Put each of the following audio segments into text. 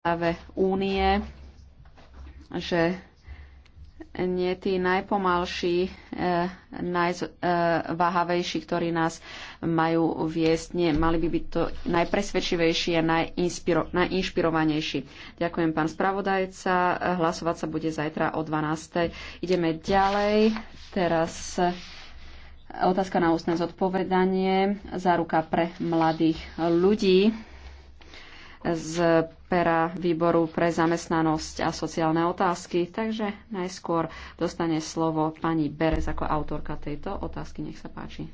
práve únie, že nie tí najpomalší, eh, najváhavejší, ktorí nás majú viesť, nie, mali by byť to najpresvedčivejší a najinspiro, najinšpirovanejší. Ďakujem, pán spravodajca. Hlasovať sa bude zajtra o 12. Ideme ďalej. Teraz eh, otázka na ústne zodpovedanie. Záruka pre mladých ľudí z pera výboru pre zamestnanosť a sociálne otázky. Takže najskôr dostane slovo pani Berez ako autorka tejto otázky. Nech sa páči.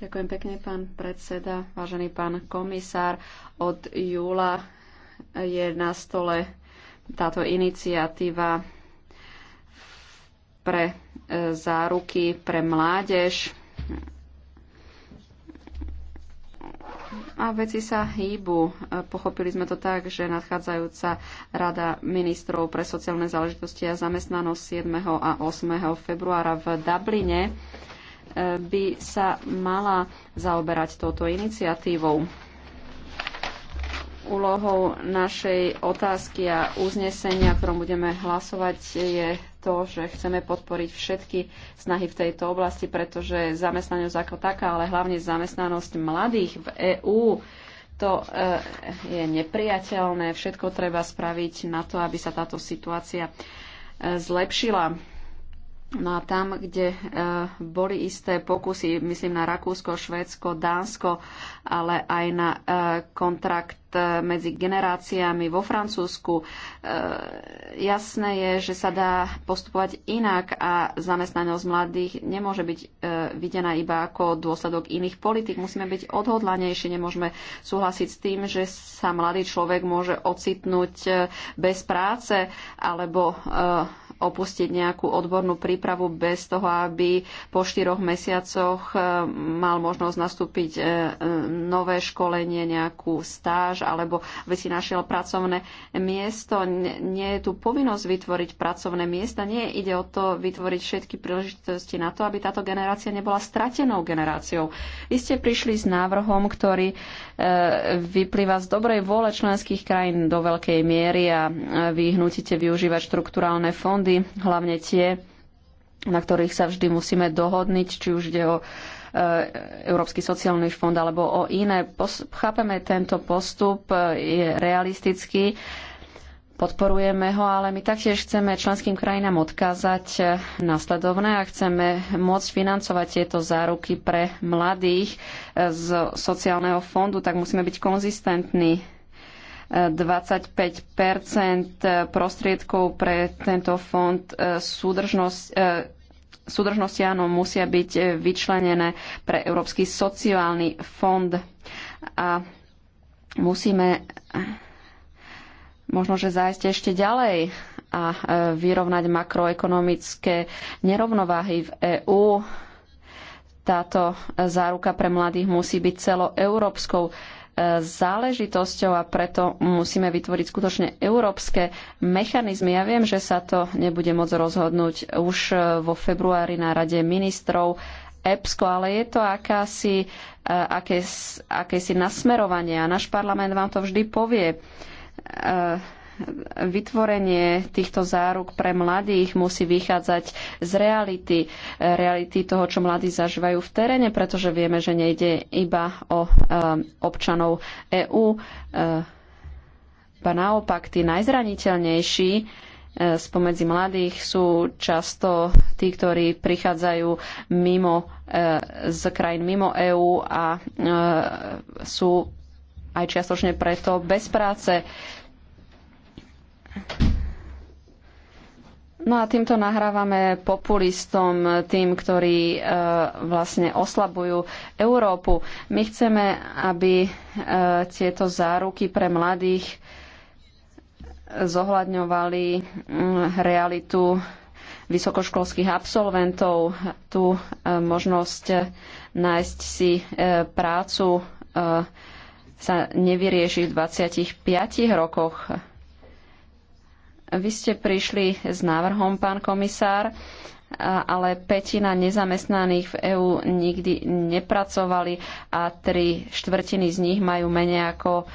Ďakujem pekne, pán predseda, vážený pán komisár. Od júla je na stole táto iniciatíva pre e, záruky pre mládež a veci sa hýbu. E, pochopili sme to tak, že nadchádzajúca Rada ministrov pre sociálne záležitosti a zamestnanosť 7. a 8. februára v Dubline e, by sa mala zaoberať touto iniciatívou úlohou našej otázky a uznesenia, ktorom budeme hlasovať, je to, že chceme podporiť všetky snahy v tejto oblasti, pretože zamestnanosť ako taká, ale hlavne zamestnanosť mladých v EÚ, to eh, je nepriateľné. Všetko treba spraviť na to, aby sa táto situácia eh, zlepšila. No a tam, kde e, boli isté pokusy, myslím na Rakúsko, Švédsko, Dánsko, ale aj na e, kontrakt e, medzi generáciami vo Francúzsku, jasné je, že sa dá postupovať inak a zamestnanosť mladých nemôže byť videná iba ako dôsledok iných politik. Musíme byť odhodlanejší, nemôžeme súhlasiť s tým, že sa mladý človek môže ocitnúť bez práce alebo opustiť nejakú odbornú prípravu bez toho, aby po štyroch mesiacoch eh, mal možnosť nastúpiť eh, nové školenie, nejakú stáž, alebo by si našiel pracovné miesto. Nie je tu povinnosť vytvoriť pracovné miesta, nie ide o to vytvoriť všetky príležitosti na to, aby táto generácia nebola stratenou generáciou. Vy ste prišli s návrhom, ktorý eh, vyplýva z dobrej vôle členských krajín do veľkej miery a vy využívať štruktúralné fondy body, hlavne tie, na ktorých sa vždy musíme dohodniť, či už ide o e, Európsky sociálny fond alebo o iné. Chápeme tento postup, e, je realistický, podporujeme ho, ale my taktiež chceme členským krajinám odkázať e, následovné a chceme môcť financovať tieto záruky pre mladých z sociálneho fondu, tak musíme byť konzistentní 25 prostriedkov pre tento fond e, súdržnosť e, súdržnosti áno musia byť vyčlenené pre Európsky sociálny fond a musíme možno, že zájsť ešte ďalej a e, vyrovnať makroekonomické nerovnováhy v EÚ. Táto záruka pre mladých musí byť celoeurópskou záležitosťou a preto musíme vytvoriť skutočne európske mechanizmy. Ja viem, že sa to nebude môcť rozhodnúť už e, vo februári na Rade ministrov EPSCO, ale je to akási, e, akési, akési nasmerovanie a náš parlament vám to vždy povie e, vytvorenie týchto záruk pre mladých musí vychádzať z reality, reality toho, čo mladí zažívajú v teréne, pretože vieme, že nejde iba o eh, občanov EÚ, eh, ba naopak tí najzraniteľnejší eh, spomedzi mladých sú často tí, ktorí prichádzajú mimo, z krajín mimo EÚ a sú aj čiastočne preto bez práce No a týmto nahrávame populistom, tým, ktorí e, vlastne oslabujú Európu. My chceme, aby e, tieto záruky pre mladých zohľadňovali m, realitu vysokoškolských absolventov, tú e, možnosť e, nájsť si e, prácu e, sa nevyrieši v 25 rokoch vy ste prišli s návrhom, pán komisár, ale petina nezamestnaných v EÚ nikdy nepracovali a tri štvrtiny z nich majú menej ako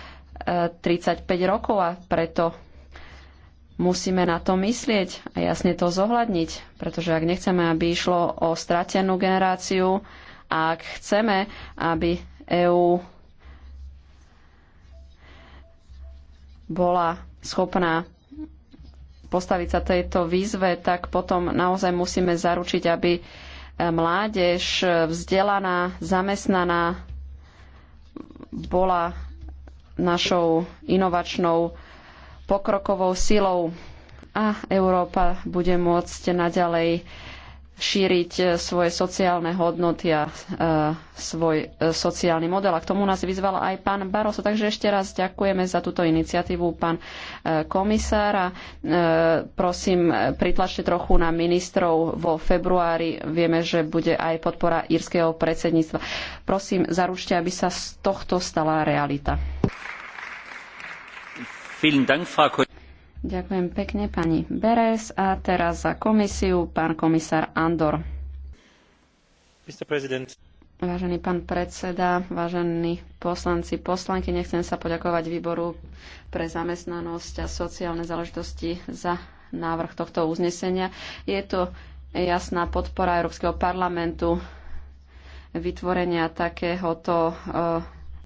35 e, rokov a preto musíme na to myslieť a jasne to zohľadniť, pretože ak nechceme, aby išlo o stratenú generáciu a ak chceme, aby EÚ bola schopná postaviť sa tejto výzve, tak potom naozaj musíme zaručiť, aby eh, mládež eh, vzdelaná, zamestnaná bola našou inovačnou pokrokovou silou a Európa bude môcť naďalej šíriť e, svoje sociálne hodnoty a e, svoj e, sociálny model. A k tomu nás vyzval aj pán Baroso. Takže ešte raz ďakujeme za túto iniciatívu, pán komisár. A prosím, pritlačte trochu na ministrov vo februári. Vieme, že bude aj podpora írskeho predsedníctva. Prosím, zaručte, aby sa z tohto stala realita. Vielen Dank, Frau Ďakujem pekne pani Beres a teraz za komisiu pán komisár Andor. Vážený pán predseda, vážení poslanci, poslanky, nechcem sa poďakovať výboru pre zamestnanosť a sociálne záležitosti za návrh tohto uznesenia. Je to jasná podpora Európskeho parlamentu vytvorenia takéhoto eh,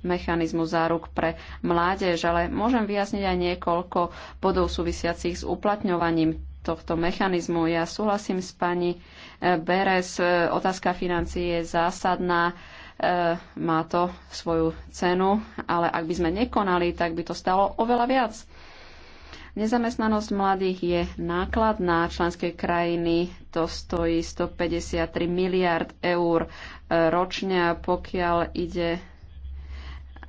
mechanizmu záruk pre mládež, ale môžem vyjasniť aj niekoľko bodov súvisiacich s uplatňovaním tohto mechanizmu. Ja súhlasím s pani eh, Beres, eh, otázka financie je zásadná, eh, má to svoju cenu, ale ak by sme nekonali, tak by to stalo oveľa viac. Nezamestnanosť mladých je nákladná. Členské krajiny to stojí 153 miliard eur ročne, pokiaľ ide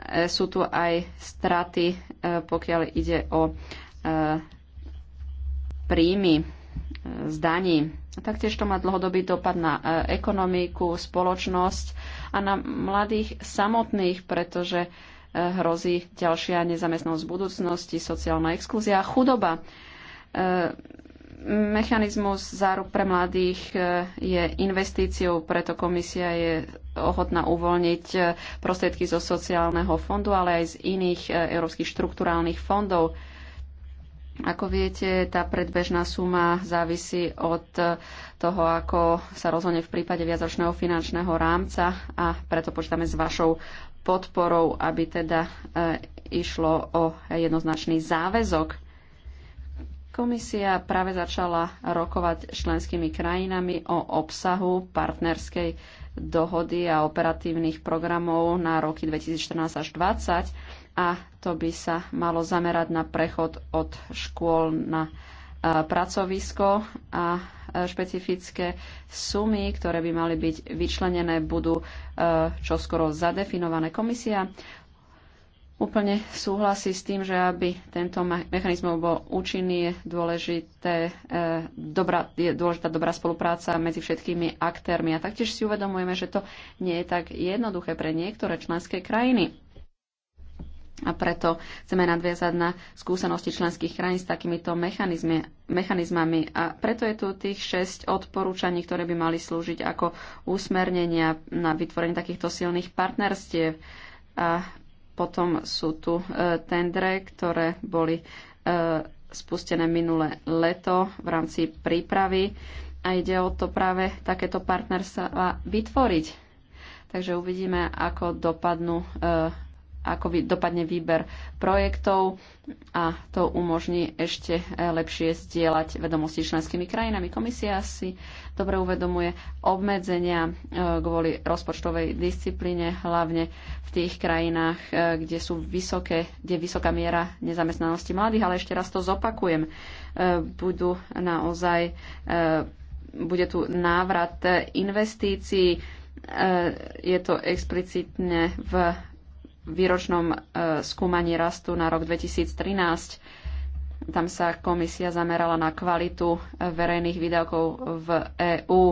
E, sú tu aj straty, e, pokiaľ ide o e, príjmy z daní. Taktiež to má dlhodobý dopad na ekonomiku, spoločnosť a na mladých samotných, pretože hrozí ďalšia nezamestnosť v budúcnosti, sociálna exklúzia a chudoba Mechanizmus záruk pre mladých e, je investíciou, preto komisia je ochotná uvoľniť e, prostriedky zo sociálneho fondu, ale aj z iných e, európskych štruktúrálnych fondov. Ako viete, tá predbežná suma závisí od toho, ako sa rozhodne v prípade viacročného finančného rámca a preto počítame s vašou podporou, aby teda išlo o jednoznačný záväzok Komisia práve začala rokovať s členskými krajinami o obsahu partnerskej dohody a operatívnych programov na roky 2014 až 2020 a to by sa malo zamerať na prechod od škôl na e, pracovisko a e, špecifické sumy, ktoré by mali byť vyčlenené, budú e, čoskoro zadefinované. Komisia úplne súhlasí s tým, že aby tento mechanizmus bol účinný, je, dôležité, e, dobrá, je dôležitá dobrá spolupráca medzi všetkými aktérmi. A taktiež si uvedomujeme, že to nie je tak jednoduché pre niektoré členské krajiny. A preto chceme nadviazať na skúsenosti členských krajín s takýmito mechanizmami. A preto je tu tých šesť odporúčaní, ktoré by mali slúžiť ako úsmernenia na vytvorenie takýchto silných partnerstiev. A potom sú tu e, tendre, ktoré boli e, spustené minulé leto v rámci prípravy a ide o to práve takéto partnerstva vytvoriť. Takže uvidíme, ako dopadnú e, ako dopadne výber projektov a to umožní ešte e, lepšie zdieľať vedomosti členskými krajinami. Komisia si dobre uvedomuje obmedzenia e, kvôli rozpočtovej disciplíne, hlavne v tých krajinách, e, kde sú vysoké, kde je vysoká miera nezamestnanosti mladých, ale ešte raz to zopakujem. Budú naozaj, bude tu návrat investícií, je to explicitne v výročnom e, skúmaní rastu na rok 2013. Tam sa komisia zamerala na kvalitu e, verejných výdavkov v EÚ.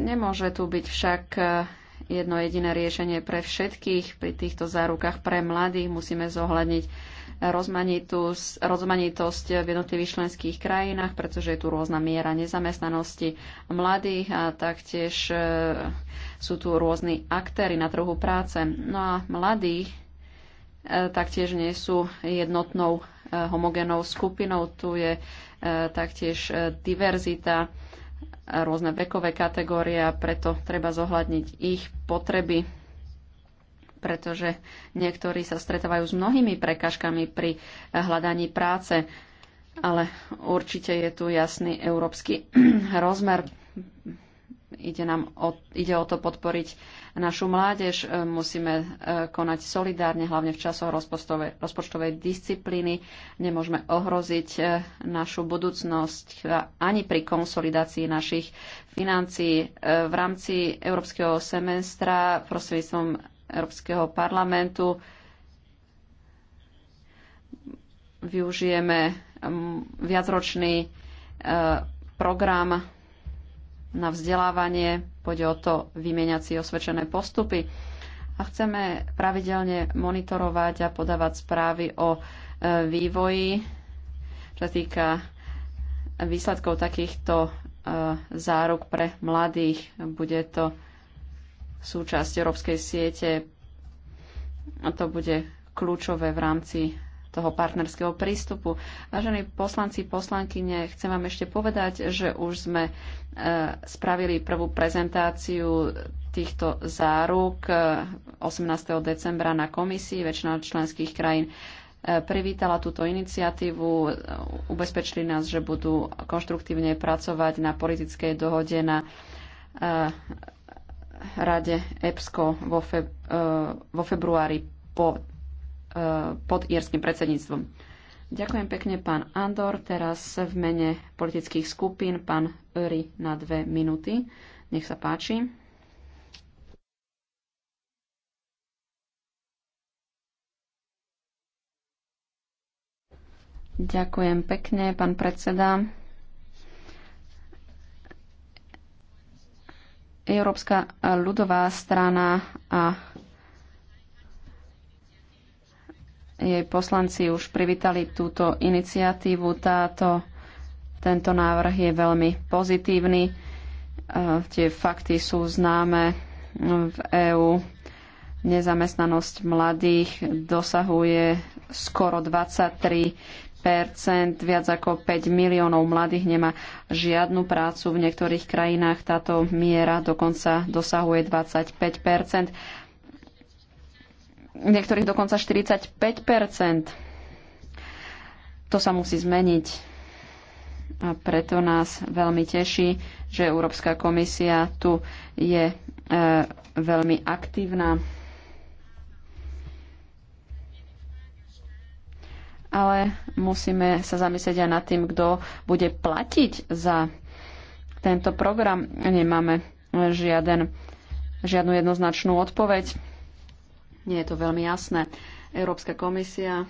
Nemôže tu byť však e, jedno jediné riešenie pre všetkých. Pri týchto zárukách pre mladých musíme zohľadniť rozmanitosť, rozmanitosť v jednotlivých členských krajinách, pretože je tu rôzna miera nezamestnanosti mladých a taktiež e, sú tu rôzni aktéry na trhu práce. No a mladí e, taktiež nie sú jednotnou e, homogénou skupinou. Tu je taktiež diverzita, rôzne vekové kategórie a preto treba zohľadniť ich potreby pretože niektorí sa stretávajú s mnohými prekažkami pri hľadaní práce, ale určite je tu jasný európsky rozmer. Ide, nám o, ide o to podporiť našu mládež. Musíme e, konať solidárne, hlavne v časoch rozpočtovej, rozpočtovej disciplíny. Nemôžeme ohroziť e, našu budúcnosť ani pri konsolidácii našich financií. E, v rámci európskeho semestra prostredníctvom Európskeho parlamentu využijeme mm, viacročný e, program na vzdelávanie, pôjde o to vymieňať si osvedčené postupy a chceme pravidelne monitorovať a podávať správy o e, vývoji, čo sa týka výsledkov takýchto e, záruk pre mladých. Bude to súčasť európskej siete. A to bude kľúčové v rámci toho partnerského prístupu. Vážení poslanci, poslankyne, chcem vám ešte povedať, že už sme e, spravili prvú prezentáciu týchto záruk 18. E, decembra na komisii. Väčšina členských krajín e, privítala túto iniciatívu, ubezpečili nás, že budú konštruktívne pracovať na politickej dohode na rade EPSCO vo, feb, eh, vo februári po, eh, pod írským predsedníctvom. Ďakujem pekne, pán Andor. Teraz v mene politických skupín pán Öri na dve minúty. Nech sa páči. Ďakujem pekne, pán predseda. Európska ľudová strana a jej poslanci už privítali túto iniciatívu. Táto, tento návrh je veľmi pozitívny. E, tie fakty sú známe v EÚ. Nezamestnanosť mladých dosahuje skoro 23 viac ako 5 miliónov mladých nemá žiadnu prácu. V niektorých krajinách táto miera dokonca dosahuje 25 niektorých dokonca 45 To sa musí zmeniť. A preto nás veľmi teší, že Európska komisia tu je e, veľmi aktívna. ale musíme sa zamyslieť aj nad tým, kto bude platiť za tento program. Nemáme žiaden, žiadnu jednoznačnú odpoveď. Nie je to veľmi jasné. Európska komisia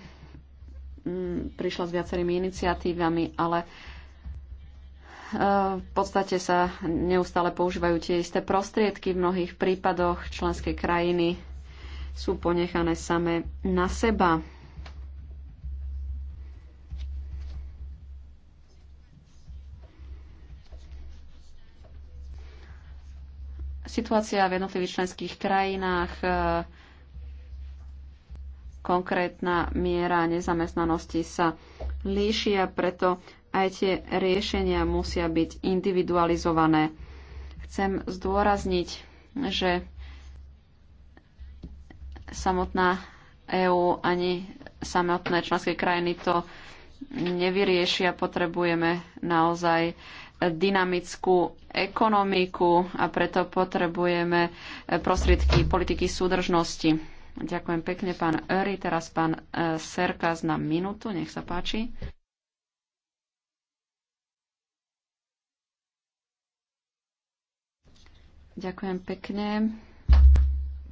mm, prišla s viacerými iniciatívami, ale eh, v podstate sa neustále používajú tie isté prostriedky. V mnohých prípadoch členské krajiny sú ponechané same na seba. Situácia v jednotlivých členských krajinách, e, konkrétna miera nezamestnanosti sa líši a preto aj tie riešenia musia byť individualizované. Chcem zdôrazniť, že samotná EÚ ani samotné členské krajiny to nevyriešia. Potrebujeme naozaj dynamickú ekonomiku a preto potrebujeme eh, prostriedky politiky súdržnosti. Ďakujem pekne, pán Öri. Teraz pán eh, serkaz na minútu. Nech sa páči. Ďakujem pekne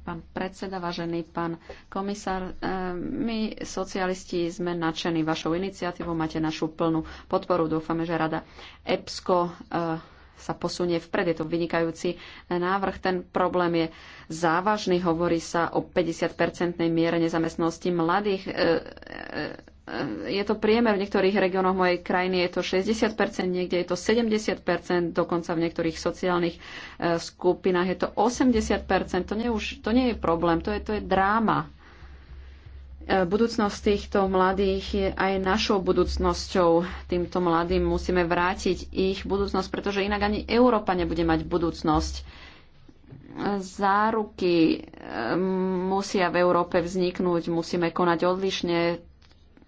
pán predseda, vážený pán komisár. E, my, socialisti, sme nadšení vašou iniciatívou, máte našu plnú podporu. Dúfame, že rada EPSCO e, sa posunie vpred. Je to vynikajúci e, návrh. Ten problém je závažný. Hovorí sa o 50-percentnej miere nezamestnosti mladých Eh, je to priemer v niektorých regiónoch mojej krajiny, je to 60%, niekde je to 70%, dokonca v niektorých sociálnych eh, skupinách je to 80%. To nie, už, to nie je problém, to je, to je dráma. Eh, budúcnosť týchto mladých je aj našou budúcnosťou. Týmto mladým musíme vrátiť ich budúcnosť, pretože inak ani Európa nebude mať budúcnosť záruky musia v Európe vzniknúť, musíme konať odlišne,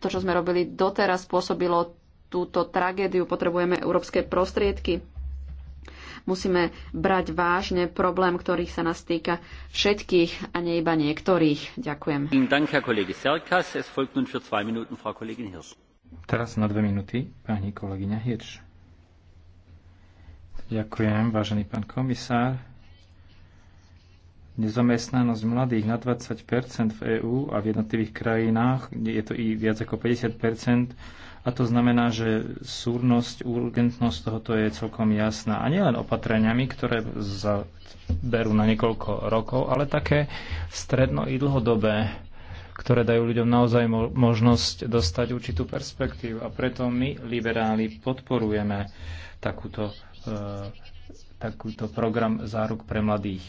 to, čo sme robili doteraz, spôsobilo túto tragédiu. Potrebujeme európske prostriedky. Musíme brať vážne problém, ktorý sa nás týka všetkých a nie iba niektorých. Ďakujem. Teraz na dve minúty pani kolegyňa Hirš. Ďakujem, vážený pán komisár. Nezamestnanosť mladých na 20 v EÚ a v jednotlivých krajinách je to i viac ako 50 a to znamená, že súrnosť, urgentnosť tohoto je celkom jasná. A nielen opatreniami, ktoré berú na niekoľko rokov, ale také stredno i dlhodobé, ktoré dajú ľuďom naozaj možnosť dostať určitú perspektívu. A preto my, liberáli, podporujeme takúto, e, takúto program záruk pre mladých.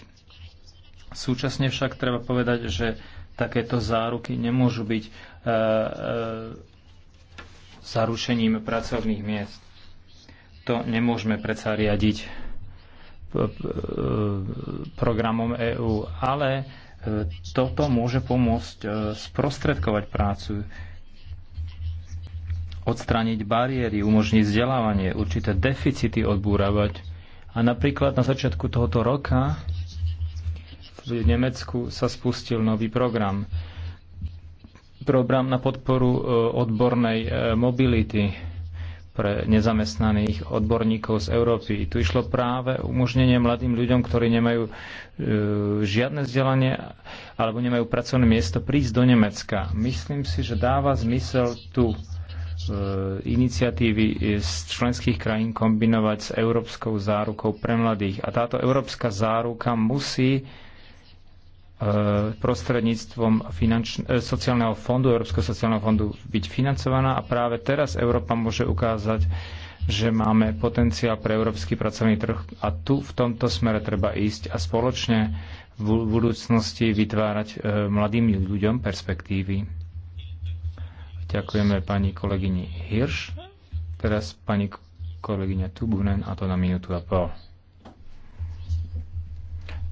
Súčasne však treba povedať, že takéto záruky nemôžu byť e, e, zarušením pracovných miest. To nemôžeme predsa riadiť e, e, programom EÚ, ale e, toto môže pomôcť sprostredkovať prácu, odstrániť bariéry, umožniť vzdelávanie, určité deficity odbúravať. A napríklad na začiatku tohoto roka v Nemecku sa spustil nový program. Program na podporu e, odbornej e, mobility pre nezamestnaných odborníkov z Európy. Tu išlo práve umožnenie mladým ľuďom, ktorí nemajú e, žiadne vzdelanie alebo nemajú pracovné miesto, prísť do Nemecka. Myslím si, že dáva zmysel tu e, iniciatívy e, z členských krajín kombinovať s európskou zárukou pre mladých. A táto európska záruka musí E, prostredníctvom finanč... E, sociálneho fondu, Európskeho sociálneho fondu byť financovaná a práve teraz Európa môže ukázať, že máme potenciál pre európsky pracovný trh a tu v tomto smere treba ísť a spoločne v budúcnosti vytvárať e, mladým ľuďom perspektívy. Ďakujeme pani kolegyni Hirš. Teraz pani kolegyňa Tubunen a to na minútu a pol.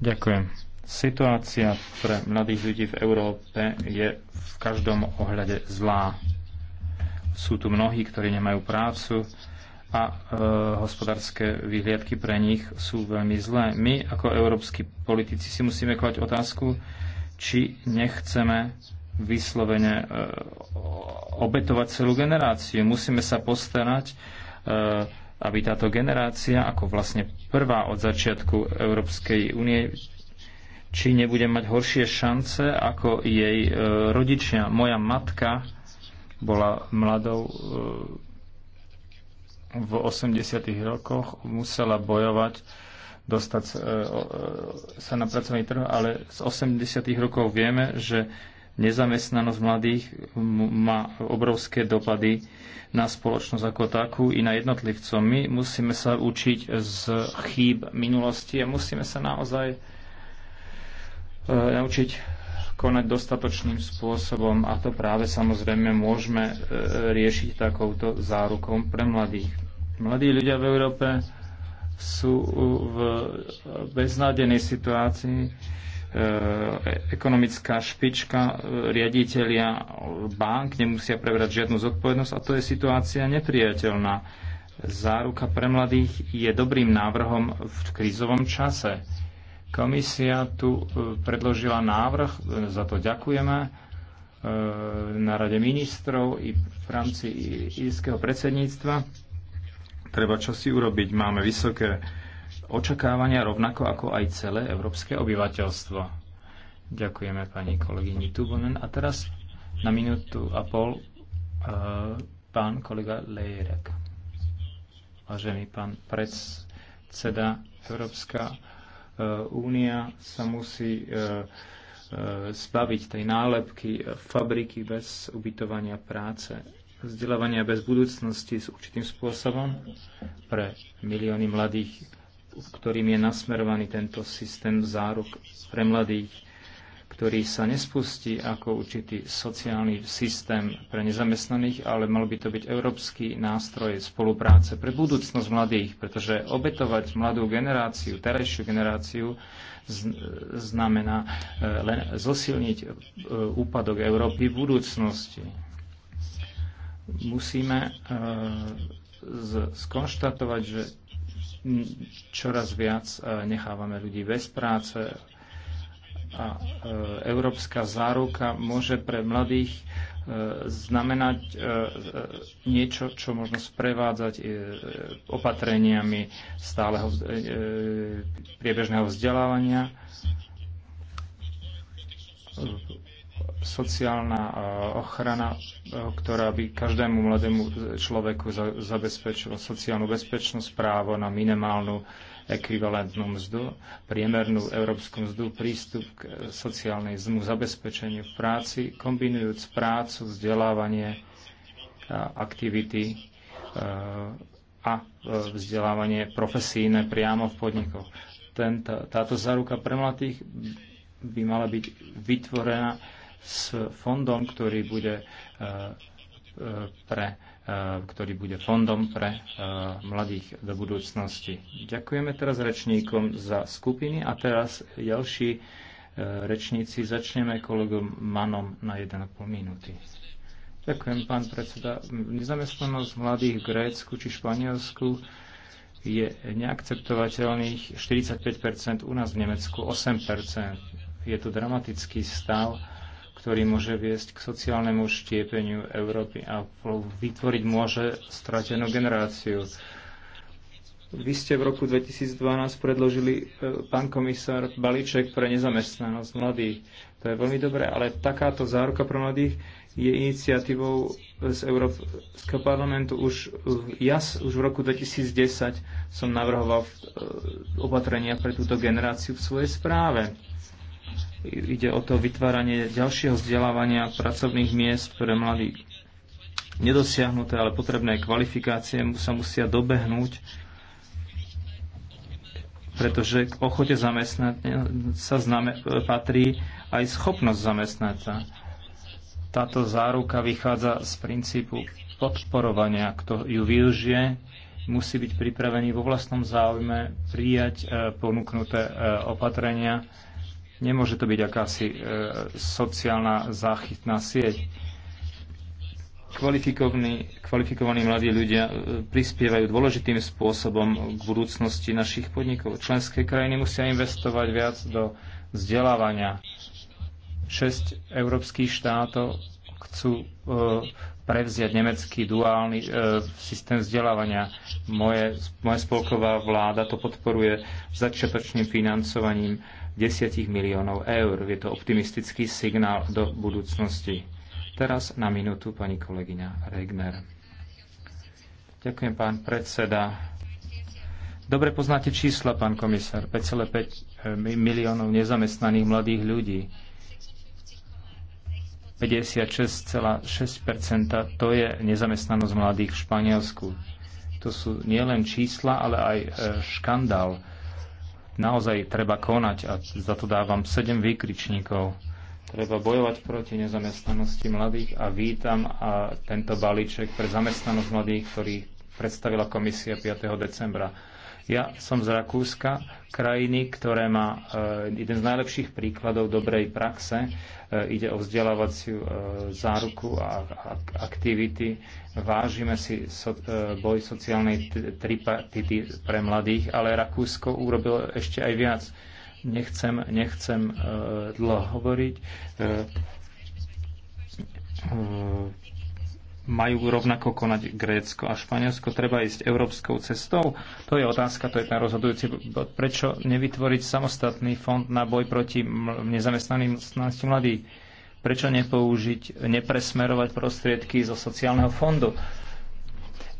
Ďakujem. Situácia pre mladých ľudí v Európe je v každom ohľade zlá. Sú tu mnohí, ktorí nemajú prácu a e, hospodárske výhliadky pre nich sú veľmi zlé. My ako európsky politici si musíme klať otázku, či nechceme vyslovene e, obetovať celú generáciu. Musíme sa postarať, e, aby táto generácia, ako vlastne prvá od začiatku Európskej únie, či nebude mať horšie šance ako jej e, rodičia. Moja matka bola mladou e, v 80. rokoch, musela bojovať, dostať e, sa na pracovný trh, ale z 80. rokov vieme, že nezamestnanosť mladých má obrovské dopady na spoločnosť ako takú i na jednotlivcov. My musíme sa učiť z chýb minulosti a musíme sa naozaj E, naučiť konať dostatočným spôsobom a to práve samozrejme môžeme e, riešiť takouto zárukou pre mladých. Mladí ľudia v Európe sú v beznádenej situácii. E, ekonomická špička, riaditeľia bank nemusia prebrať žiadnu zodpovednosť a to je situácia nepriateľná. Záruka pre mladých je dobrým návrhom v krízovom čase Komisia tu e, predložila návrh, e, za to ďakujeme, e, na Rade ministrov i v rámci írskeho predsedníctva. Treba čo si urobiť. Máme vysoké očakávania, rovnako ako aj celé európske obyvateľstvo. Ďakujeme pani kolegyni Tubonen. A teraz na minútu a pol pán kolega Lejerek. Vážený pán predseda Európska Eh, Únia sa musí eh, eh, zbaviť tej nálepky fabriky bez ubytovania práce vzdelávania bez budúcnosti s určitým spôsobom pre milióny mladých, ktorým je nasmerovaný tento systém záruk pre mladých ktorý sa nespustí ako určitý sociálny systém pre nezamestnaných, ale mal by to byť európsky nástroj spolupráce pre budúcnosť mladých, pretože obetovať mladú generáciu, terajšiu generáciu, znamená e, len zosilniť e, úpadok Európy v budúcnosti. Musíme e, skonštatovať, že čoraz viac nechávame ľudí bez práce, a e, európska záruka môže pre mladých e, znamenať e, niečo, čo možno sprevádzať opatreniami stáleho priebežného vzdelávania, sociálna ochrana, ktorá by každému mladému človeku zabezpečila sociálnu bezpečnosť, právo na minimálnu ekvivalentnú mzdu, priemernú európsku mzdu, prístup k sociálnej zmu, zabezpečeniu v práci, kombinujúc prácu, vzdelávanie, aktivity e, a e, vzdelávanie profesíne priamo v podnikoch. Tento, táto záruka pre mladých by mala byť vytvorená s fondom, ktorý bude e, pre E, ktorý bude fondom pre e, mladých do budúcnosti. Ďakujeme teraz rečníkom za skupiny a teraz ďalší e, rečníci. Začneme kolegom Manom na 1,5 minúty. Ďakujem, pán predseda. Nezamestnanosť mladých v Grécku či Španielsku je neakceptovateľných 45%, u nás v Nemecku 8%. Je to dramatický stav ktorý môže viesť k sociálnemu štiepeniu Európy a vytvoriť môže stratenú generáciu. Vy ste v roku 2012 predložili, e, pán komisár, balíček pre nezamestnanosť mladých. To je veľmi dobré, ale takáto záruka pre mladých je iniciatívou z Európskeho parlamentu. Už, ja už v roku 2010 som navrhoval e, opatrenia pre túto generáciu v svojej správe. Ide o to vytváranie ďalšieho vzdelávania pracovných miest pre mladých. Nedosiahnuté, ale potrebné kvalifikácie sa musia dobehnúť, pretože k ochote zamestnať sa zname, patrí aj schopnosť zamestnať sa. Táto záruka vychádza z princípu podporovania. Kto ju využije, musí byť pripravený vo vlastnom záujme prijať e, ponúknuté e, opatrenia, Nemôže to byť akási e, sociálna záchytná sieť. Kvalifikovaní, kvalifikovaní mladí ľudia e, prispievajú dôležitým spôsobom k budúcnosti našich podnikov. Členské krajiny musia investovať viac do vzdelávania. Šesť európskych štátov chcú e, prevziať nemecký duálny e, systém vzdelávania. Moje, moja spolková vláda to podporuje začiatočným financovaním 10 miliónov eur. Je to optimistický signál do budúcnosti. Teraz na minútu pani kolegyňa Regner. Ďakujem, pán predseda. Dobre poznáte čísla, pán komisár. 5,5 eh, miliónov nezamestnaných mladých ľudí. 56,6 to je nezamestnanosť mladých v Španielsku. To sú nielen čísla, ale aj eh, škandál naozaj treba konať a za to dávam 7 výkričníkov. Treba bojovať proti nezamestnanosti mladých a vítam a tento balíček pre zamestnanosť mladých, ktorý predstavila komisia 5. decembra. Ja som z Rakúska, krajiny, ktoré má e, jeden z najlepších príkladov dobrej praxe. E, ide o vzdelávaciu e, záruku a aktivity. Vážime si boj sociálnej tripartity pre mladých, ale Rakúsko urobilo ešte aj viac. Nechcem, nechcem dlho hovoriť majú rovnako konať Grécko a Španielsko? Treba ísť európskou cestou? To je otázka, to je ten rozhodujúci bod. Prečo nevytvoriť samostatný fond na boj proti nezamestnaným mladých? Prečo nepoužiť, nepresmerovať prostriedky zo sociálneho fondu?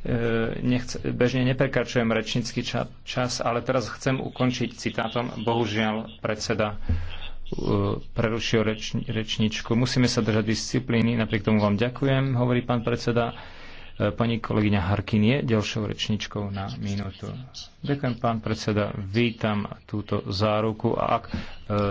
E, nechce, bežne neprekračujem rečnícky čas, ale teraz chcem ukončiť citátom, bohužiaľ, predseda E, prerušil reč, rečničku. Musíme sa držať disciplíny, napriek tomu vám ďakujem, hovorí pán predseda. E, pani kolegyňa Harkin je ďalšou rečničkou na minútu. Ďakujem, pán predseda. Vítam túto záruku a ak e,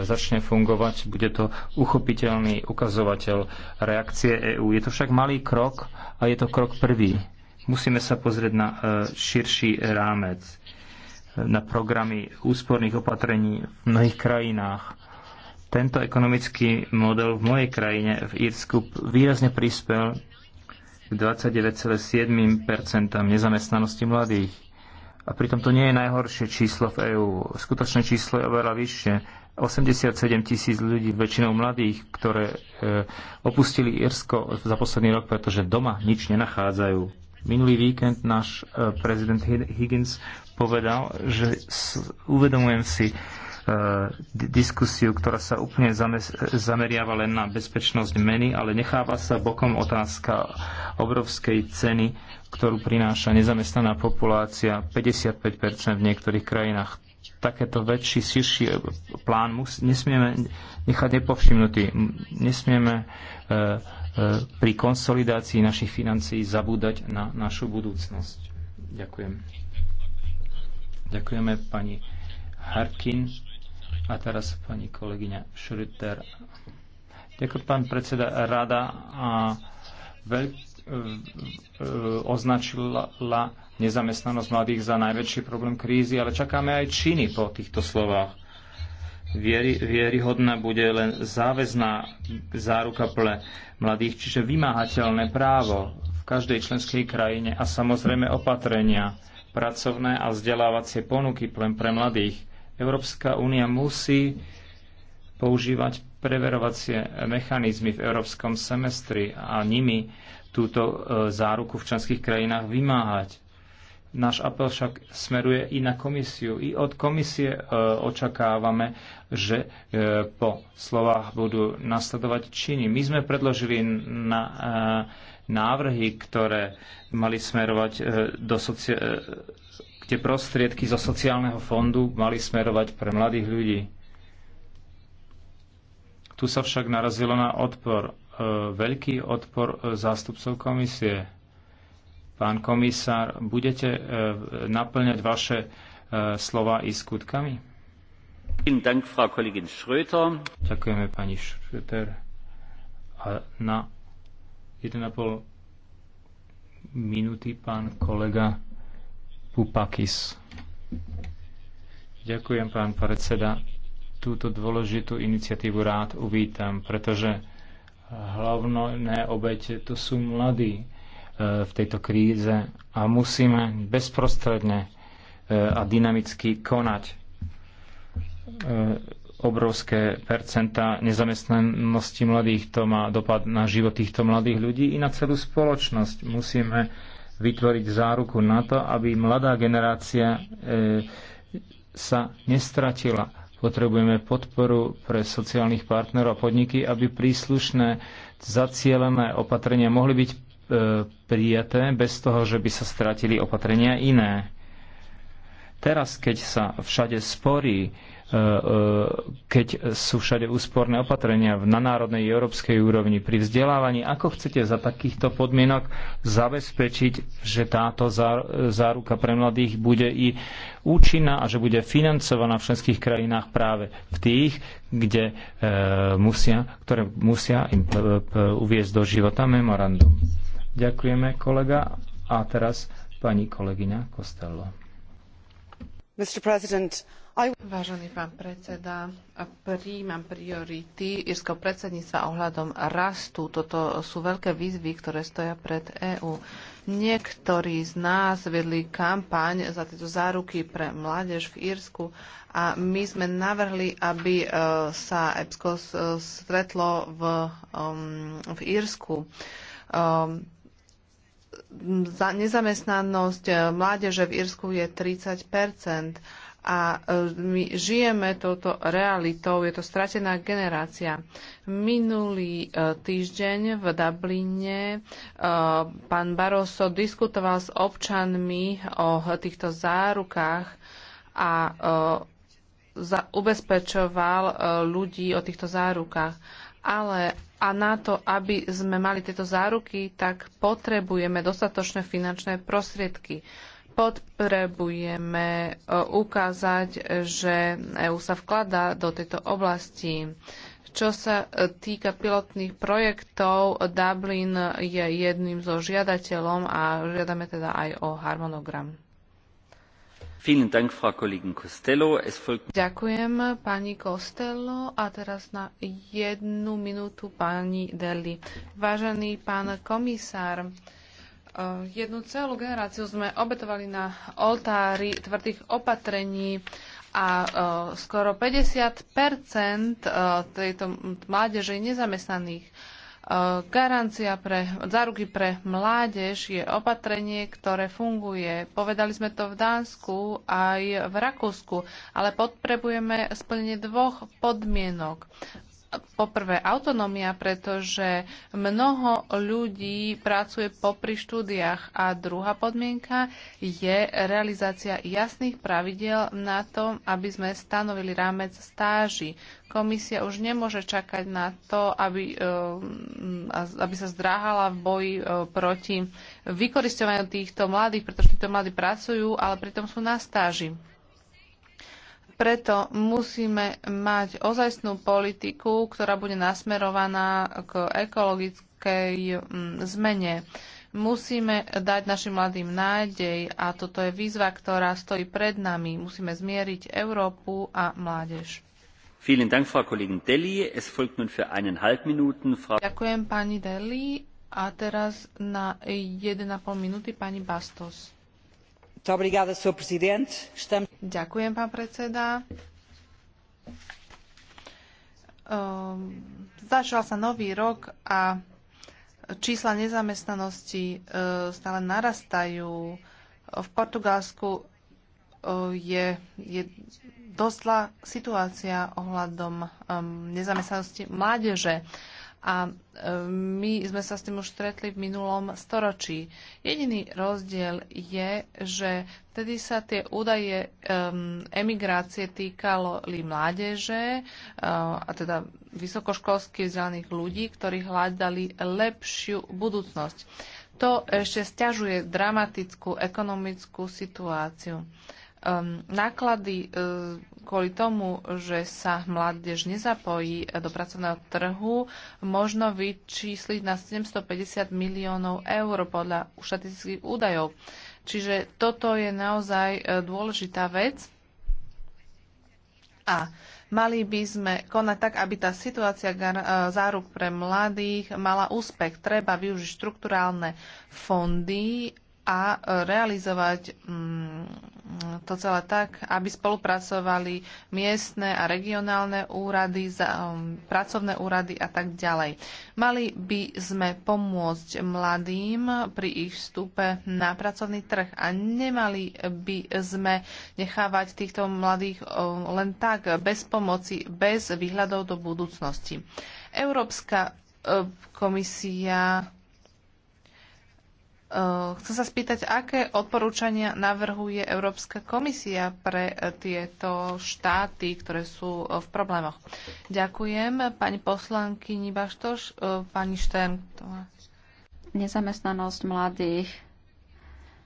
začne fungovať, bude to uchopiteľný ukazovateľ reakcie EÚ. Je to však malý krok a je to krok prvý. Musíme sa pozrieť na e, širší rámec, e, na programy úsporných opatrení v mnohých krajinách tento ekonomický model v mojej krajine, v Írsku, výrazne prispel k 29,7 nezamestnanosti mladých. A pritom to nie je najhoršie číslo v EÚ. Skutočné číslo je oveľa vyššie. 87 tisíc ľudí, väčšinou mladých, ktoré e, opustili Irsko za posledný rok, pretože doma nič nenachádzajú. Minulý víkend náš e, prezident Higgins povedal, že uvedomujem si, Eh, diskusiu, ktorá sa úplne zameriava len na bezpečnosť meny, ale necháva sa bokom otázka obrovskej ceny, ktorú prináša nezamestnaná populácia 55% v niektorých krajinách. Takéto väčší, širší eh, plán mus, nesmieme nechať nepovšimnutý. Nesmieme eh, pri konsolidácii našich financií zabúdať na našu budúcnosť. Ďakujem. Ďakujeme pani Harkin. A teraz pani kolegyňa Schröter. Ďakujem, pán predseda. Rada a veľ, e, e, označila nezamestnanosť mladých za najväčší problém krízy, ale čakáme aj činy po týchto slovách. Viery, vieryhodná bude len záväzná záruka pre mladých, čiže vymáhateľné právo v každej členskej krajine a samozrejme opatrenia, pracovné a vzdelávacie ponuky len pre mladých Európska únia musí používať preverovacie mechanizmy v európskom semestri a nimi túto e, záruku v členských krajinách vymáhať. Náš apel však smeruje i na komisiu. I od komisie e, očakávame, že e, po slovách budú nasledovať činy. My sme predložili na návrhy, ktoré mali smerovať do socia- kde prostriedky zo sociálneho fondu mali smerovať pre mladých ľudí. Tu sa však narazilo na odpor, e, veľký odpor e, zástupcov komisie. Pán komisár, budete e, naplňať vaše slova i skutkami? Ďakujeme pani Schröter. A na 1,5 minúty pán kolega Pupakis. Ďakujem, pán predseda. Túto dôležitú iniciatívu rád uvítam, pretože hlavné obete to sú mladí e, v tejto kríze a musíme bezprostredne e, a dynamicky konať. E, obrovské percentá nezamestnanosti mladých to má dopad na život týchto mladých ľudí i na celú spoločnosť. Musíme vytvoriť záruku na to, aby mladá generácia e, sa nestratila. Potrebujeme podporu pre sociálnych partnerov a podniky, aby príslušné zacielené opatrenia mohli byť e, prijaté bez toho, že by sa stratili opatrenia iné. Teraz, keď sa všade sporí, E, e, keď sú všade úsporné opatrenia na národnej i európskej úrovni pri vzdelávaní. Ako chcete za takýchto podmienok zabezpečiť, že táto záruka pre mladých bude i účinná a že bude financovaná v členských krajinách práve v tých, kde e, musia, ktoré musia im uviezť do života memorandum. Ďakujeme, kolega. A teraz pani kolegyňa Costello. Mr. President, Vážený pán predseda, príjmam priority írskeho predsedníctva ohľadom rastu. Toto sú veľké výzvy, ktoré stoja pred EÚ. Niektorí z nás vedli kampaň za tieto záruky pre mládež v Írsku a my sme navrhli, aby e, sa EPSCO e, stretlo v, um, v Írsku um, nezamestnanosť e, mládeže v Írsku je 30 a e, my žijeme touto realitou, je to stratená generácia. Minulý e, týždeň v Dubline e, pán Barroso diskutoval s občanmi o týchto zárukách a ubezpečoval ľudí o týchto zárukách. Ale a na to, aby sme mali tieto záruky, tak potrebujeme dostatočné finančné prostriedky potrebujeme e, ukázať, že EÚ sa vkladá do tejto oblasti. Čo sa e, týka pilotných projektov, Dublin je jedným zo žiadateľom a žiadame teda aj o harmonogram. Ďakujem pani Costello a teraz na jednu minútu pani Deli. Vážený pán komisár, Eh, jednu celú generáciu sme obetovali na oltári tvrdých opatrení a eh, skoro 50 eh, tejto mládeže je nezamestnaných. Garancia pre záruky pre mládež je opatrenie, ktoré funguje. Povedali sme to v Dánsku aj v Rakúsku, ale potrebujeme splnenie dvoch podmienok poprvé autonómia, pretože mnoho ľudí pracuje popri štúdiách a druhá podmienka je realizácia jasných pravidel na tom, aby sme stanovili rámec stáži. Komisia už nemôže čakať na to, aby, eh, aby sa zdráhala v boji eh, proti vykoristovaniu týchto mladých, pretože títo mladí pracujú, ale pritom sú na stáži. Preto musíme mať ozajstnú politiku, ktorá bude nasmerovaná k ekologickej mm, zmene. Musíme dať našim mladým nádej a toto je výzva, ktorá stojí pred nami. Musíme zmieriť Európu a mládež. Ďakujem pani Deli a teraz na 1,5 minúty pani Bastos. Ďakujem, pán predseda. Ehm, začal sa nový rok a čísla nezamestnanosti eh, stále narastajú. V Portugalsku eh, je, je dosť zlá situácia ohľadom ehm, nezamestnanosti mládeže a e, my sme sa s tým už stretli v minulom storočí. Jediný rozdiel je, že vtedy sa tie údaje um, emigrácie týkali mládeže, uh, a teda vysokoškolských vzdelaných ľudí, ktorí hľadali lepšiu budúcnosť. To ešte stiažuje dramatickú ekonomickú situáciu. Um, náklady uh, kvôli tomu, že sa mládež nezapojí do pracovného trhu, možno vyčísliť na 750 miliónov eur podľa štatistických údajov. Čiže toto je naozaj e, dôležitá vec. A mali by sme konať tak, aby tá situácia e, záruk pre mladých mala úspech. Treba využiť štrukturálne fondy a realizovať mm, to celé tak, aby spolupracovali miestne a regionálne úrady, um, pracovné úrady a tak ďalej. Mali by sme pomôcť mladým pri ich vstupe na pracovný trh a nemali by sme nechávať týchto mladých um, len tak bez pomoci, bez výhľadov do budúcnosti. Európska um, komisia Eh, chcem sa spýtať, aké odporúčania navrhuje Európska komisia pre eh, tieto štáty, ktoré sú eh, v problémoch. Ďakujem pani poslankyni Baštoš, pani Štern. Nezamestnanosť mladých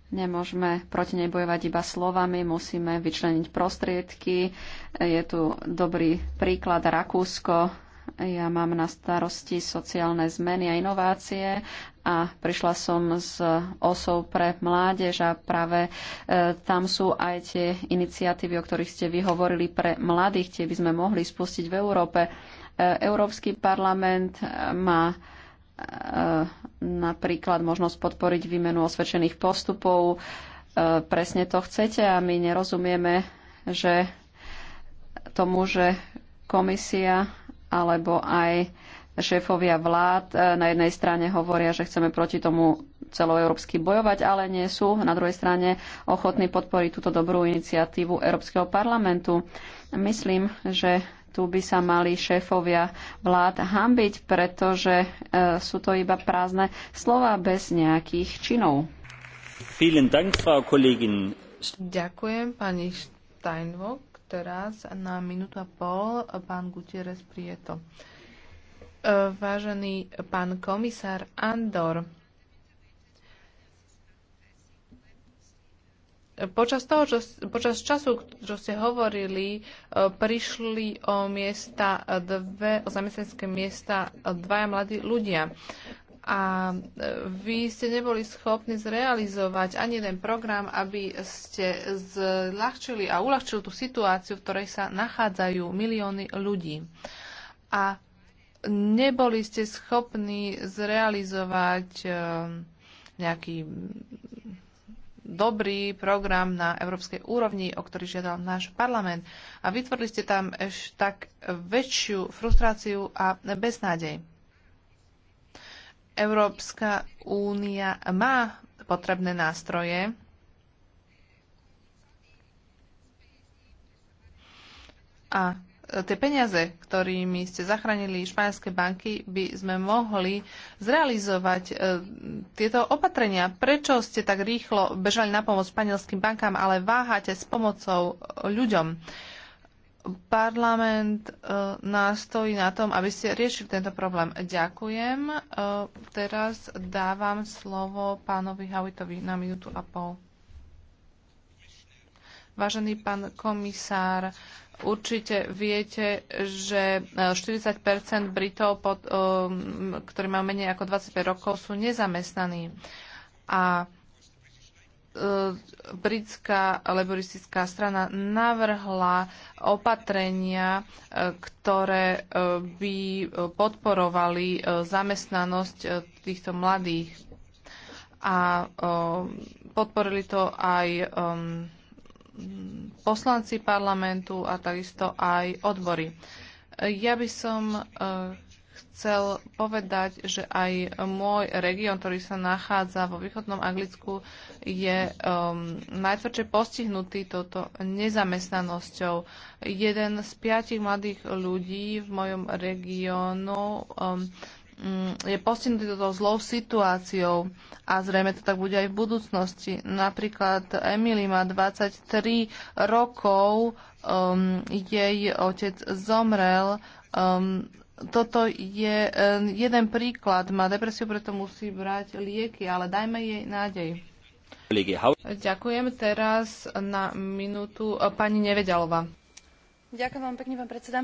nemôžeme proti nej bojovať iba slovami, musíme vyčleniť prostriedky. Je tu dobrý príklad Rakúsko, ja mám na starosti sociálne zmeny a inovácie a prišla som z osou pre mládež a práve e, tam sú aj tie iniciatívy, o ktorých ste vyhovorili pre mladých, tie by sme mohli spustiť v Európe. E, Európsky parlament e, má e, napríklad možnosť podporiť výmenu osvedčených postupov. E, presne to chcete a my nerozumieme, že tomu, že komisia alebo aj šéfovia vlád e, na jednej strane hovoria, že chceme proti tomu celoeurópsky bojovať, ale nie sú na druhej strane ochotní podporiť túto dobrú iniciatívu Európskeho parlamentu. Myslím, že tu by sa mali šéfovia vlád hambiť, pretože e, sú to iba prázdne slova bez nejakých činov. Ďakujem pani Steinvog. Teraz na minútu a pol pán Gutierrez Prieto. Vážený pán komisár Andor, počas, toho, čo, počas času, čo ste hovorili, e, prišli o, miesta dve, o zamestnanské miesta dvaja mladí ľudia. A e, vy ste neboli schopní zrealizovať ani jeden program, aby ste zľahčili a uľahčili tú situáciu, v ktorej sa nachádzajú milióny ľudí. A neboli ste schopní zrealizovať eh, nejaký dobrý program na európskej úrovni, o ktorý žiadal náš parlament. A vytvorili ste tam ešte tak väčšiu frustráciu a beznádej. Európska únia má potrebné nástroje, a tie peniaze, ktorými ste zachránili španielské banky, by sme mohli zrealizovať e, tieto opatrenia. Prečo ste tak rýchlo bežali na pomoc španielským bankám, ale váhate s pomocou ľuďom? Parlament e, stojí na tom, aby ste riešili tento problém. Ďakujem. E, teraz dávam slovo pánovi Havitovi na minútu a pol. Vážený pán komisár, Určite viete, že 40 e, Britov, pod, e, ktorí majú menej ako 25 rokov, sú nezamestnaní. A e, britská leboristická strana navrhla opatrenia, ktoré by podporovali zamestnanosť týchto mladých. A podporili to aj poslanci parlamentu a takisto aj odbory. Ja by som e, chcel povedať, že aj môj región, ktorý sa nachádza vo východnom Anglicku, je um, najtvrdšie postihnutý touto nezamestnanosťou. Jeden z piatich mladých ľudí v mojom regiónu um, Mm, je postihnutý toto zlou situáciou a zrejme to tak bude aj v budúcnosti. Napríklad Emily má 23 rokov, um, jej otec zomrel. Um, toto je um, jeden príklad, má depresiu, preto musí brať lieky, ale dajme jej nádej. Ďakujem teraz na minútu e, pani Nevedalova. Ďakujem vám pekne, pán predseda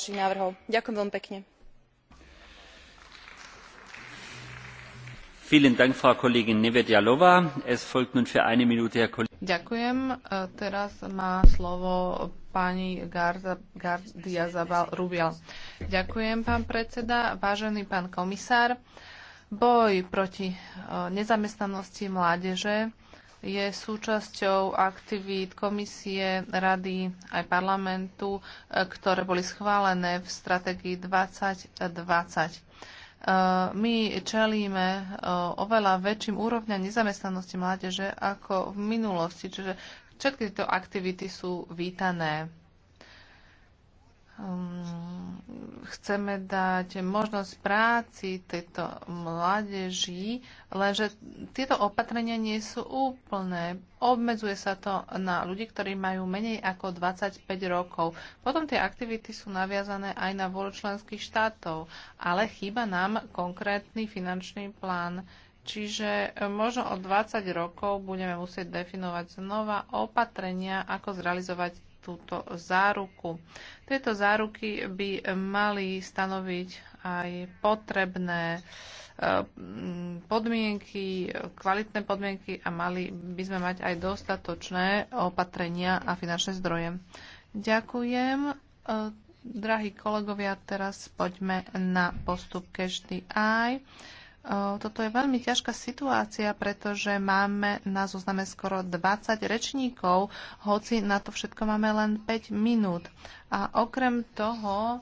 ďalších návrhov. ďakujem veľmi pekne. Ďakujem. E, teraz má slovo pani Gardia Zabal Rubial. Ďakujem, pán predseda. Vážený pán komisár, boj proti e, nezamestnanosti mládeže je súčasťou aktivít komisie, rady aj parlamentu, e, ktoré boli schválené v stratégii 2020. E, my čelíme e, oveľa väčším úrovňa nezamestnanosti mládeže ako v minulosti, čiže všetky tieto aktivity sú vítané. Ehm, chceme dať možnosť práci tejto mládeži, lenže tieto opatrenia nie sú úplné. Obmedzuje sa to na ľudí, ktorí majú menej ako 25 rokov. Potom tie aktivity sú naviazané aj na vôľu členských štátov, ale chýba nám konkrétny finančný plán. Čiže možno o 20 rokov budeme musieť definovať znova opatrenia, ako zrealizovať túto záruku. Tieto záruky by mali stanoviť aj potrebné eh, podmienky, kvalitné podmienky a mali by sme mať aj dostatočné opatrenia a finančné zdroje. Ďakujem. Eh, drahí kolegovia, teraz poďme na postup Cash the Eye. Toto je veľmi ťažká situácia, pretože máme na zozname skoro 20 rečníkov, hoci na to všetko máme len 5 minút. A okrem toho,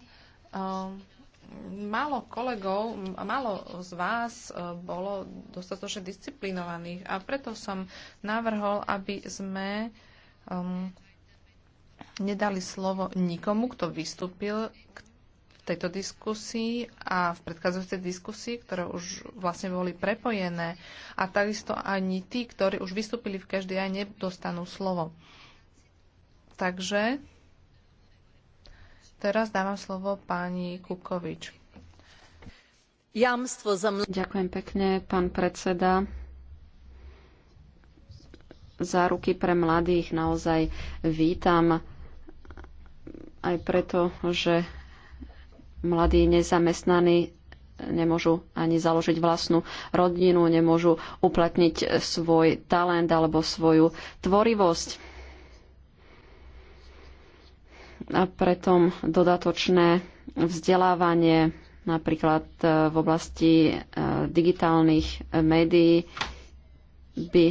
málo kolegov, málo z vás bolo dostatočne disciplinovaných a preto som navrhol, aby sme nedali slovo nikomu, kto vystúpil k tejto diskusii a v predchádzajúcej diskusii, ktoré už vlastne boli prepojené a takisto ani tí, ktorí už vystúpili v každej aj nedostanú slovo. Takže teraz dávam slovo pani Kukovič. Jamstvo za ml- Ďakujem pekne, pán predseda. Záruky pre mladých naozaj vítam aj preto, že Mladí nezamestnaní nemôžu ani založiť vlastnú rodinu, nemôžu uplatniť svoj talent alebo svoju tvorivosť. A preto dodatočné vzdelávanie napríklad e, v oblasti e, digitálnych médií by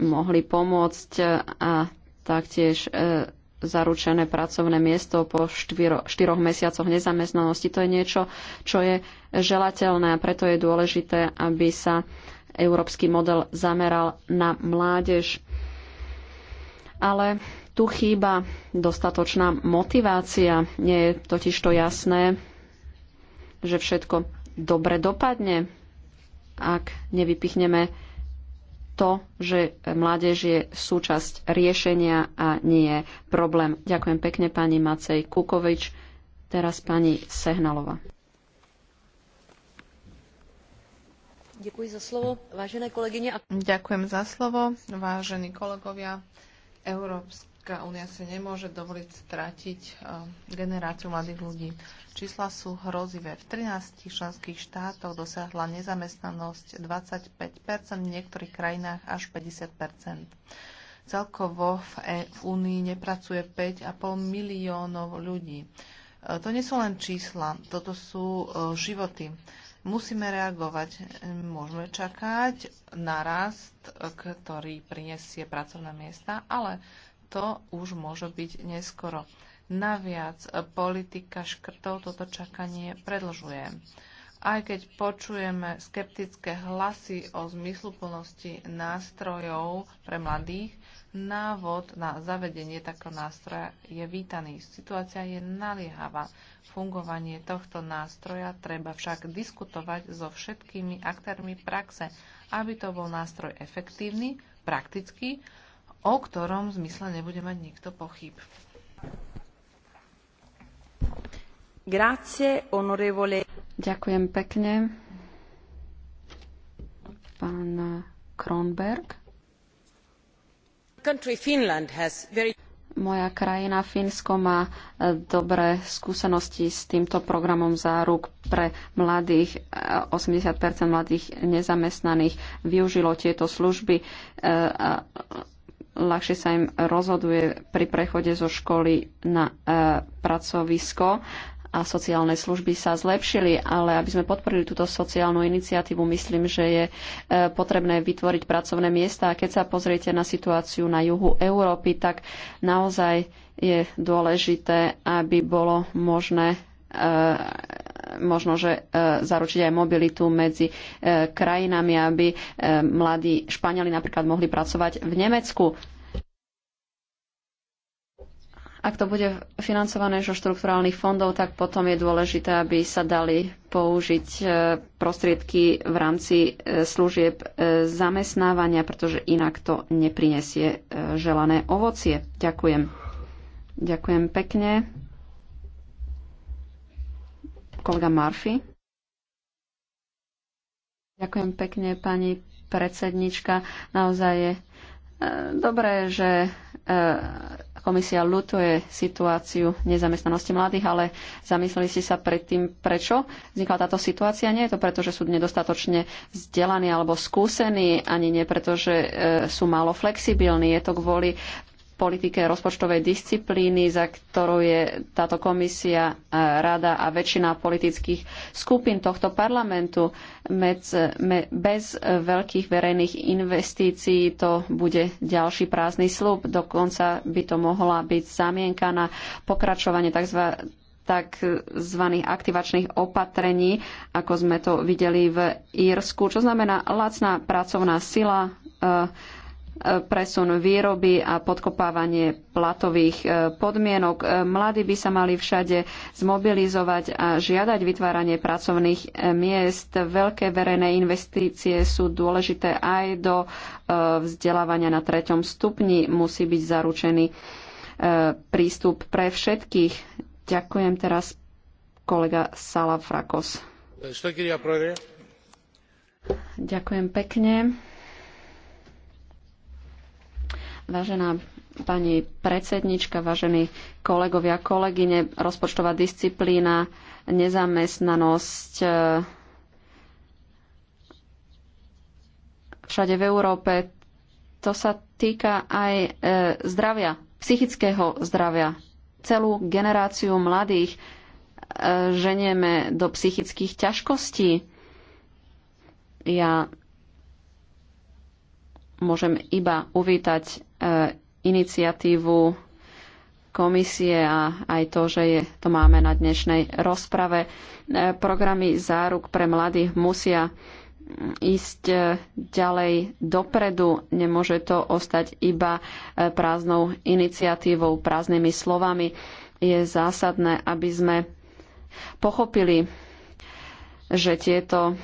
mohli pomôcť e, a taktiež zaručené pracovné miesto po štyro, štyroch mesiacoch nezamestnanosti. To je niečo, čo je želateľné a preto je dôležité, aby sa európsky model zameral na mládež. Ale tu chýba dostatočná motivácia. Nie je totiž to jasné, že všetko dobre dopadne, ak nevypichneme to, že mládež je súčasť riešenia a nie je problém. Ďakujem pekne pani Macej Kukovič. Teraz pani Sehnalova. Ďakujem za slovo, vážené kolegyne. Ďakujem za slovo, vážení kolegovia. Európsky Európska únia si nemôže dovoliť stratiť e, generáciu mladých ľudí. Čísla sú hrozivé. V 13 členských štátoch dosiahla nezamestnanosť 25 v niektorých krajinách až 50 Celkovo v, e, v Únii nepracuje 5,5 miliónov ľudí. E, to nie sú len čísla, toto sú e, životy. Musíme reagovať. Môžeme čakať na rast, ktorý prinesie pracovné miesta, ale to už môže byť neskoro. Naviac eh, politika škrtov toto čakanie predlžuje. Aj keď počujeme skeptické hlasy o zmysluplnosti nástrojov pre mladých, návod na zavedenie takého nástroja je vítaný. Situácia je naliehavá. Fungovanie tohto nástroja treba však diskutovať so všetkými aktérmi praxe, aby to bol nástroj efektívny, praktický o ktorom zmysle nebude mať nikto pochyb. Grazie, onorevole. Ďakujem pekne. Pán Kronberg. Country Finland has very moja krajina Fínsko má e, dobré skúsenosti s týmto programom záruk pre mladých. 80 e, mladých nezamestnaných využilo tieto služby e, ľahšie sa im rozhoduje pri prechode zo školy na e, pracovisko a sociálne služby sa zlepšili, ale aby sme podporili túto sociálnu iniciatívu, myslím, že je e, potrebné vytvoriť pracovné miesta. A keď sa pozriete na situáciu na juhu Európy, tak naozaj je dôležité, aby bolo možné e, možno, že e, zaručiť aj mobilitu medzi e, krajinami, aby e, mladí Španieli napríklad mohli pracovať v Nemecku. Ak to bude financované zo štrukturálnych fondov, tak potom je dôležité, aby sa dali použiť prostriedky v rámci služieb zamestnávania, pretože inak to neprinesie želané ovocie. Ďakujem. Ďakujem pekne. Kolega Murphy. Ďakujem pekne, pani predsednička. Naozaj je e, dobré, že e, komisia lutuje situáciu nezamestnanosti mladých, ale zamysleli ste sa pred tým, prečo vznikla táto situácia. Nie je to preto, že sú nedostatočne vzdelaní alebo skúsení, ani nie preto, že e, sú málo flexibilní. Je to kvôli politike rozpočtovej disciplíny, za ktorú je táto komisia, e, rada a väčšina politických skupín tohto parlamentu. Bez veľkých verejných investícií to bude ďalší prázdny slub. Dokonca by to mohla byť zamienka na pokračovanie tzv tzv. aktivačných opatrení, ako sme to videli v Írsku, čo znamená lacná pracovná sila, e, presun výroby a podkopávanie platových e, podmienok. E, mladí by sa mali všade zmobilizovať a žiadať vytváranie pracovných e, miest. Veľké verejné investície sú dôležité aj do vzdelávania na treťom stupni. Musí byť zaručený prístup pre všetkých. Ďakujem teraz kolega Salafrakos. Ďakujem pekne. Vážená pani predsednička, vážení kolegovia, kolegyne, rozpočtová disciplína, nezamestnanosť eh, všade v Európe, to sa týka aj eh, zdravia, psychického zdravia. Celú generáciu mladých eh, ženieme do psychických ťažkostí. Ja môžem iba uvítať e, iniciatívu komisie a aj to, že je, to máme na dnešnej rozprave. E, programy záruk pre mladých musia ísť e, ďalej dopredu. Nemôže to ostať iba prázdnou iniciatívou, prázdnymi slovami. Je zásadné, aby sme pochopili, že tieto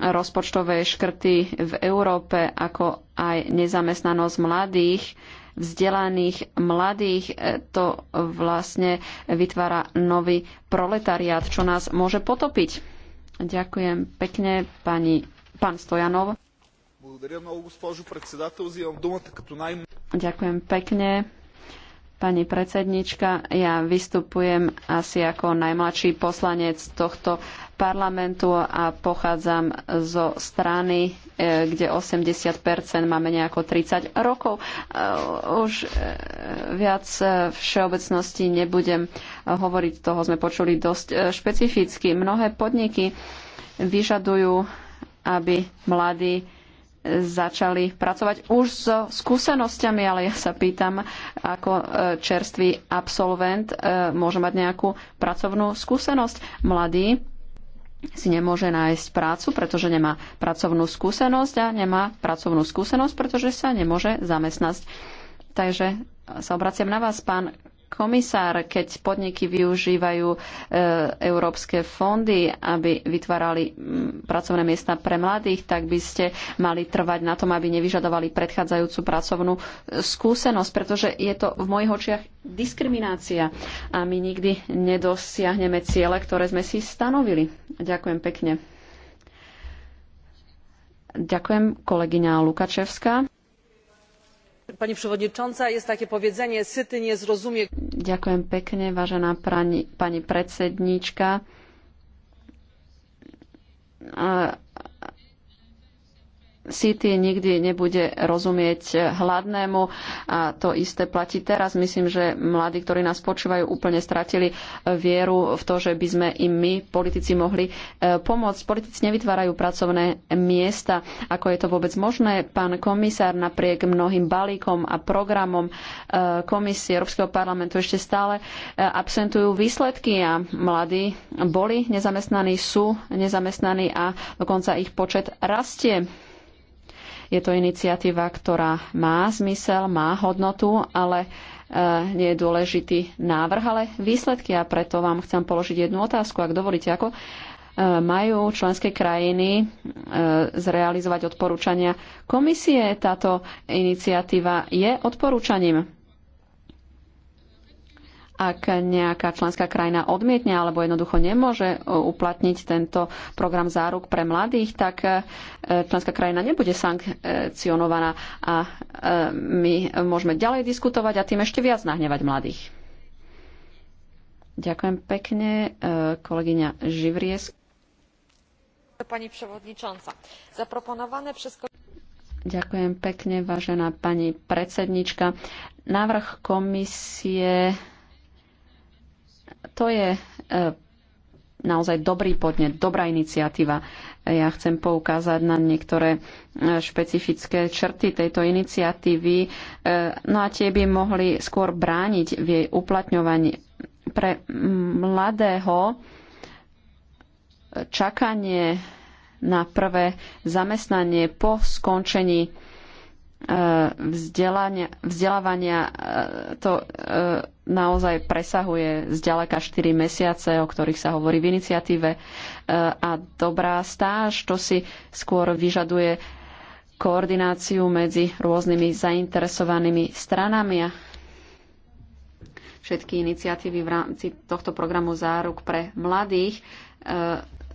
rozpočtové škrty v Európe, ako aj nezamestnanosť mladých, vzdelaných mladých, to vlastne vytvára nový proletariát, čo nás môže potopiť. Ďakujem pekne, pani, pán Stojanov. Ďakujem pekne. Pani predsednička, ja vystupujem asi ako najmladší poslanec tohto parlamentu a pochádzam zo strany, e, kde 80% máme nejako 30 rokov. E, už e, viac všeobecnosti nebudem hovoriť, toho sme počuli dosť špecificky. Mnohé podniky vyžadujú, aby mladí začali pracovať už so skúsenosťami, ale ja sa pýtam, ako e, čerstvý absolvent e, môže mať nejakú pracovnú skúsenosť. Mladý si nemôže nájsť prácu, pretože nemá pracovnú skúsenosť a nemá pracovnú skúsenosť, pretože sa nemôže zamestnať. Takže sa obraciam na vás, pán komisár, keď podniky využívajú e, európske fondy, aby vytvárali pracovné miesta pre mladých, tak by ste mali trvať na tom, aby nevyžadovali predchádzajúcu pracovnú e, skúsenosť, pretože je to v mojich očiach diskriminácia a my nikdy nedosiahneme ciele, ktoré sme si stanovili. Ďakujem pekne. Ďakujem kolegyňa Lukačevská pani przewodnicząca! jest takie powiedzenie syty nie zrozumie. ďakujem pekne vážená pani, pani predsedníčka City nikdy nebude rozumieť hladnému a to isté platí teraz. Myslím, že mladí, ktorí nás počúvajú, úplne stratili vieru v to, že by sme im my, politici, mohli e, pomôcť. Politici nevytvárajú pracovné miesta. Ako je to vôbec možné? Pán komisár, napriek mnohým balíkom a programom e, komisie Európskeho parlamentu ešte stále e, absentujú výsledky a mladí boli nezamestnaní, sú nezamestnaní a dokonca ich počet rastie. Je to iniciatíva, ktorá má zmysel, má hodnotu, ale e, nie je dôležitý návrh, ale výsledky. A preto vám chcem položiť jednu otázku, ak dovolíte. Ako e, majú členské krajiny e, zrealizovať odporúčania komisie? Táto iniciatíva je odporúčaním ak nejaká členská krajina odmietne alebo jednoducho nemôže e, uplatniť tento program záruk pre mladých, tak e, členská krajina nebude sankcionovaná a e, my môžeme ďalej diskutovať a tým ešte viac nahnevať mladých. Ďakujem pekne, kolegyňa Živries. Pani przewodnicząca, zaproponované všetko... Ďakujem pekne, vážená pani predsednička. Návrh komisie to je e, naozaj dobrý podnet, dobrá iniciatíva. Ja chcem poukázať na niektoré e, špecifické črty tejto iniciatívy, e, no a tie by mohli skôr brániť v jej uplatňovaní. Pre mladého čakanie na prvé zamestnanie po skončení Eh, vzdelávania eh, to eh, naozaj presahuje zďaleka 4 mesiace, o ktorých sa hovorí v iniciatíve. A dobrá stáž, to si skôr vyžaduje koordináciu medzi rôznymi zainteresovanými stranami a všetky iniciatívy v rámci tohto programu záruk pre mladých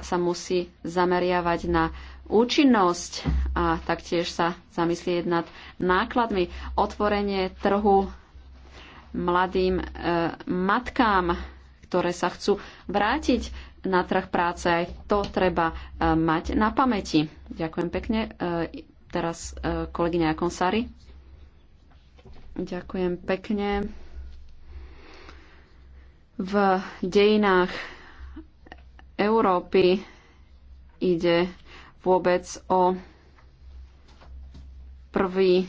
sa musí zameriavať na účinnosť a taktiež sa zamyslieť nad nákladmi. Otvorenie trhu mladým e, matkám, ktoré sa chcú vrátiť na trh práce. Aj to treba e, mať na pamäti. Ďakujem pekne. E, teraz e, kolegyňa Konsari. Ďakujem pekne. V dejinách Európy ide vôbec o prvý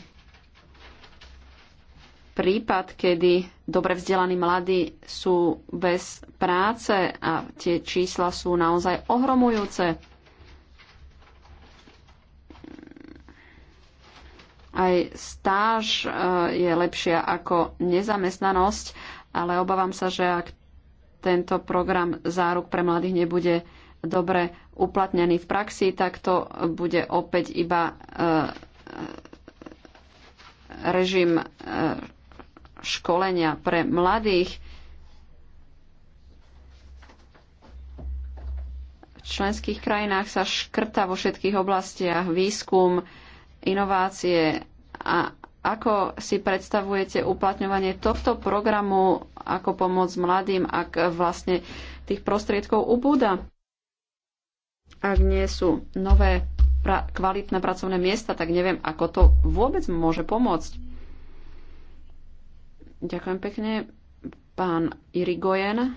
prípad, kedy dobre vzdelaní mladí sú bez práce a tie čísla sú naozaj ohromujúce. Aj stáž e, je lepšia ako nezamestnanosť, ale obávam sa, že ak tento program záruk pre mladých nebude dobre uplatnený v praxi, tak to bude opäť iba e, e, režim e, školenia pre mladých. V členských krajinách sa škrta vo všetkých oblastiach výskum, inovácie a ako si predstavujete uplatňovanie tohto programu ako pomoc mladým, ak vlastne tých prostriedkov ubúda? Ak nie sú nové pra- kvalitné pracovné miesta, tak neviem, ako to vôbec môže pomôcť. Ďakujem pekne. Pán Irigoyen.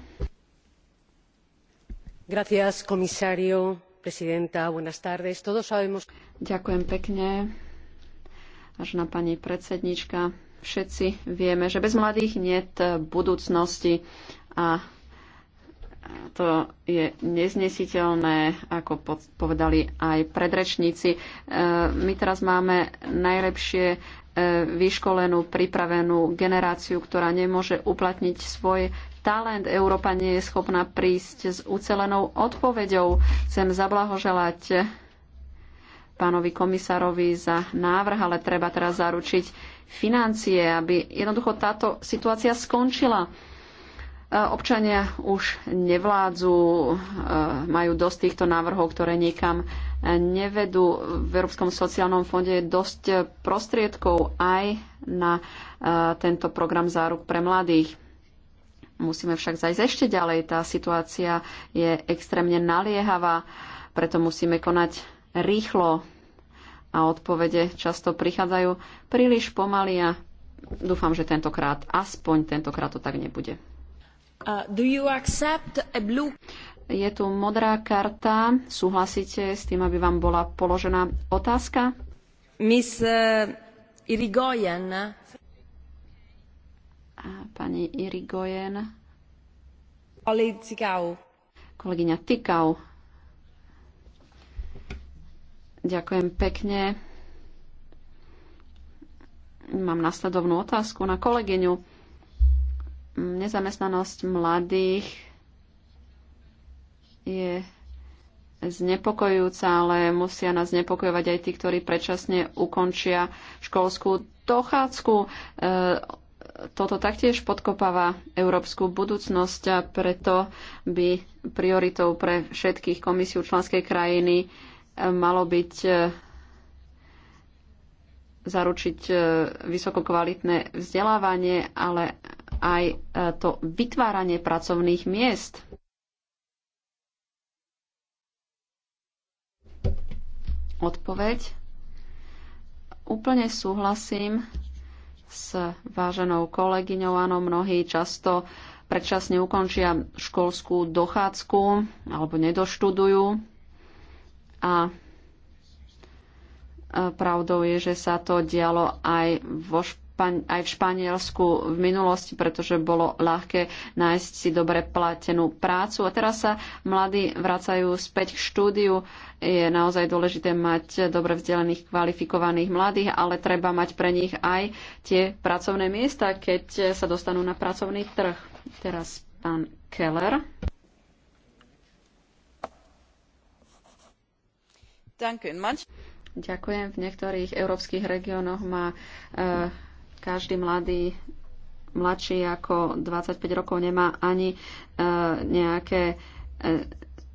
Gracias, komisario, presidenta, buenas tardes. Todos sabemos... Ďakujem pekne. Až na pani predsednička, všetci vieme, že bez mladých nie budúcnosti a to je neznesiteľné, ako povedali aj predrečníci. E, my teraz máme najlepšie e, vyškolenú, pripravenú generáciu, ktorá nemôže uplatniť svoj talent. Európa nie je schopná prísť s ucelenou odpoveďou. Chcem zablahoželať pánovi komisárovi za návrh, ale treba teraz zaručiť financie, aby jednoducho táto situácia skončila Občania už nevládzu, e, majú dosť týchto návrhov, ktoré nikam nevedú. V Európskom sociálnom fonde je dosť prostriedkov aj na e, tento program záruk pre mladých. Musíme však zajsť ešte ďalej. Tá situácia je extrémne naliehavá, preto musíme konať rýchlo a odpovede často prichádzajú príliš pomaly a dúfam, že tentokrát, aspoň tentokrát to tak nebude. Uh, Je tu modrá karta. Súhlasíte s tým, aby vám bola položená otázka? Miss uh, Irigoyen. Pani Irigoyen. Kolegyňa Tikau. Ďakujem pekne. Mám nasledovnú otázku na kolegyňu Nezamestnanosť mladých je znepokojujúca, ale musia nás znepokojovať aj tí, ktorí predčasne ukončia školskú dochádzku. E, toto taktiež podkopáva európsku budúcnosť a preto by prioritou pre všetkých komisiu členskej krajiny e, malo byť e, zaručiť vysokokvalitné vzdelávanie, ale aj e, to vytváranie pracovných miest. Odpoveď. Úplne súhlasím s váženou kolegyňou. Áno, mnohí často predčasne ukončia školskú dochádzku alebo nedoštudujú. A e, pravdou je, že sa to dialo aj vo španielsku aj v Španielsku v minulosti, pretože bolo ľahké nájsť si dobre platenú prácu. A teraz sa mladí vracajú späť k štúdiu. Je naozaj dôležité mať dobre vzdelených, kvalifikovaných mladých, ale treba mať pre nich aj tie pracovné miesta, keď sa dostanú na pracovný trh. Teraz pán Keller. Ďakujem. V niektorých európskych regiónoch má uh, každý mladý, mladší ako 25 rokov nemá ani e, nejaké e,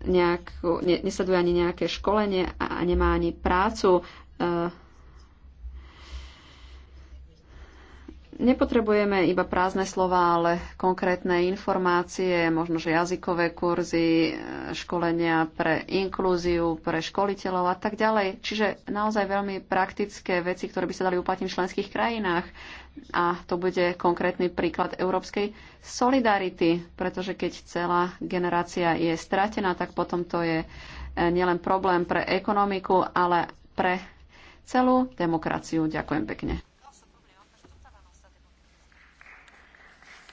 ne, nesleduje ani nejaké školenie a nemá ani prácu e, Nepotrebujeme iba prázdne slova, ale konkrétne informácie, možno že jazykové kurzy, eh, školenia pre inklúziu, pre školiteľov a tak ďalej. Čiže naozaj veľmi praktické veci, ktoré by sa dali uplatniť v členských krajinách. A to bude konkrétny príklad európskej solidarity, pretože keď celá generácia je stratená, tak potom to je eh, nielen problém pre ekonomiku, ale pre celú demokraciu. Ďakujem pekne.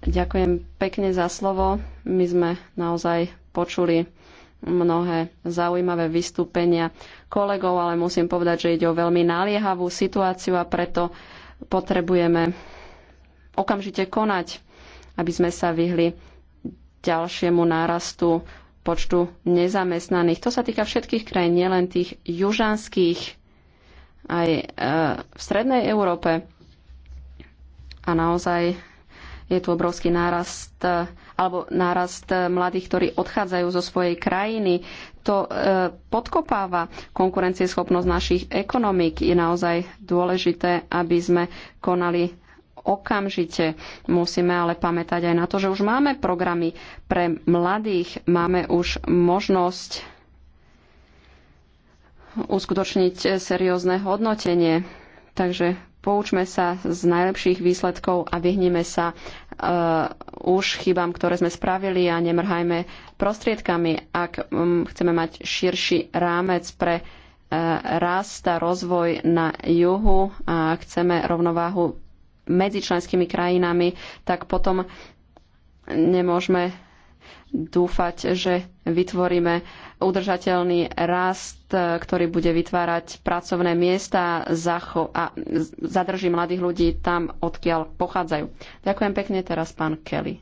Ďakujem pekne za slovo. My sme naozaj počuli mnohé zaujímavé vystúpenia kolegov, ale musím povedať, že ide o veľmi naliehavú situáciu a preto potrebujeme okamžite konať, aby sme sa vyhli ďalšiemu nárastu počtu nezamestnaných. To sa týka všetkých krajín, nielen tých južanských, aj e, v strednej Európe. A naozaj je tu obrovský nárast alebo nárast mladých, ktorí odchádzajú zo svojej krajiny. To e, podkopáva konkurencieschopnosť našich ekonomík. Je naozaj dôležité, aby sme konali okamžite. Musíme ale pamätať aj na to, že už máme programy pre mladých, máme už možnosť uskutočniť seriózne hodnotenie. Takže poučme sa z najlepších výsledkov a vyhneme sa uh, už chybám, ktoré sme spravili a nemrhajme prostriedkami, ak um, chceme mať širší rámec pre uh, rast a rozvoj na juhu a chceme rovnováhu medzi členskými krajinami, tak potom nemôžeme dúfať, že vytvoríme udržateľný rast, ktorý bude vytvárať pracovné miesta a zadrží mladých ľudí tam, odkiaľ pochádzajú. Ďakujem pekne teraz pán Kelly.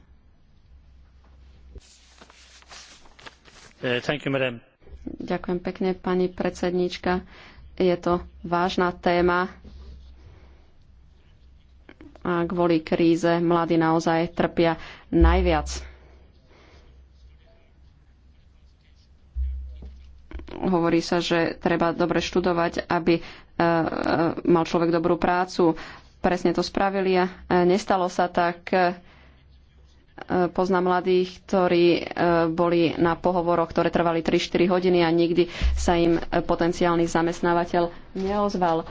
Eh, you, Ďakujem pekne, pani predsedníčka. Je to vážna téma. A kvôli kríze mladí naozaj trpia najviac. Hovorí sa, že treba dobre študovať, aby e, e, mal človek dobrú prácu. Presne to spravili a e, nestalo sa tak. Poznám mladých, ktorí boli na pohovoroch, ktoré trvali 3-4 hodiny a nikdy sa im potenciálny zamestnávateľ neozval.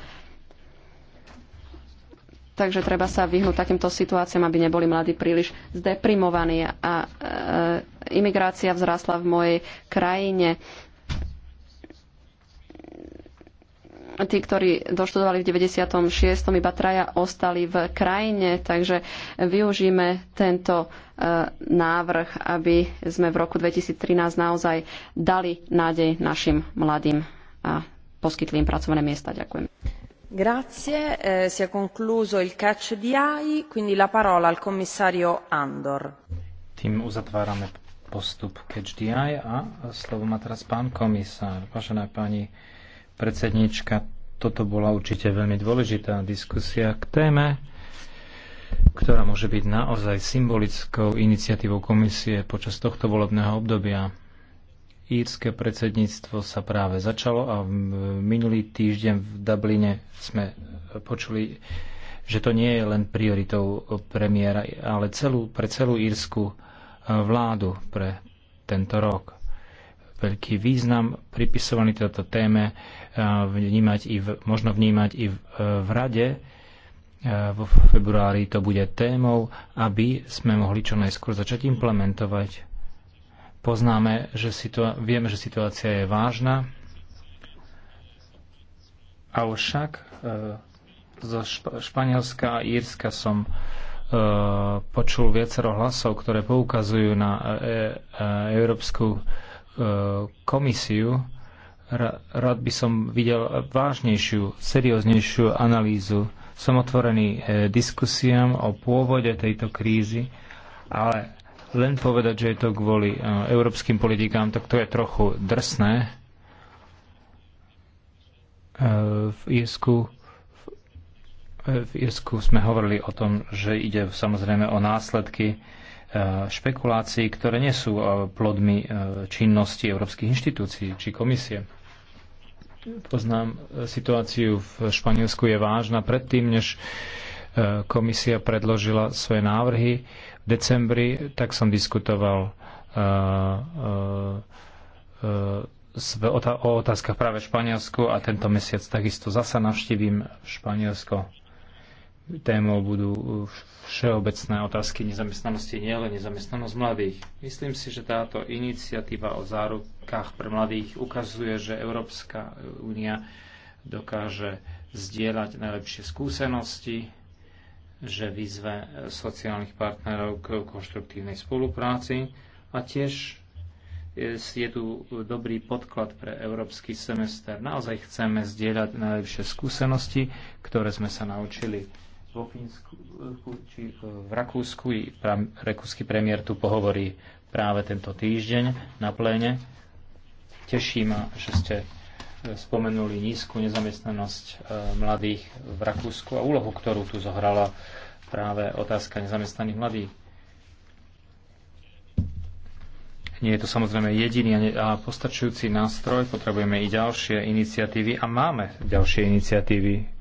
Takže treba sa vyhnúť takýmto situáciám, aby neboli mladí príliš zdeprimovaní. A e, imigrácia vzrástla v mojej krajine. tí, ktorí doštudovali v 96. iba traja ostali v krajine, takže využíme tento e, návrh, aby sme v roku 2013 naozaj dali nádej našim mladým a poskytli im pracovné miesta. Ďakujem. Grazie, eh, si è concluso il catch di AI, quindi la parola al commissario Andor. Tým uzatvárame postup catch di AI a slovo má teraz pán komisár. Vážená pani predsedníčka. Toto bola určite veľmi dôležitá diskusia k téme, ktorá môže byť naozaj symbolickou iniciatívou komisie počas tohto volebného obdobia. Írske predsedníctvo sa práve začalo a minulý týždeň v Dubline sme počuli, že to nie je len prioritou premiéra, ale celú, pre celú írsku eh, vládu pre tento rok veľký význam pripisovaný tejto téme eh, vnímať i v, možno vnímať i v, eh, v rade. Eh, vo februári to bude témou, aby sme mohli čo najskôr začať implementovať. Poznáme, že situa- vieme, že situácia je vážna, avšak zo Šp- Španielska a Írska som počul viacero hlasov, ktoré poukazujú na e- e- európsku e- E, komisiu, rád by som videl vážnejšiu, serióznejšiu analýzu. Som otvorený e, diskusiám o pôvode tejto krízy, ale len povedať, že je to kvôli e, európskym politikám, tak to je trochu drsné. V Írsku v Irsku sme hovorili o tom, že ide samozrejme o následky Eh, špekulácií, ktoré nie sú eh, plodmi eh, činnosti európskych inštitúcií či komisie. Poznám situáciu v Španielsku je vážna. Predtým, než komisia predložila svoje návrhy v decembri, tak som diskutoval o otázkach práve v Španielsku a tento mesiac takisto zasa navštívim Španielsko témou budú uh, všeobecné otázky nezamestnanosti, nielen nezamestnanosť mladých. Myslím si, že táto iniciatíva o zárukách pre mladých ukazuje, že Európska únia dokáže zdieľať najlepšie skúsenosti, že vyzve sociálnych partnerov k konštruktívnej spolupráci a tiež je tu dobrý podklad pre európsky semester. Naozaj chceme zdieľať najlepšie skúsenosti, ktoré sme sa naučili vo Fínsku či v Rakúsku. Rakúsky premiér tu pohovorí práve tento týždeň na pléne. Teší ma, že ste e, spomenuli nízku nezamestnanosť e, mladých v Rakúsku a úlohu, ktorú tu zohrala práve otázka nezamestnaných mladých. Nie je to samozrejme jediný a postačujúci nástroj, potrebujeme i ďalšie iniciatívy a máme ďalšie iniciatívy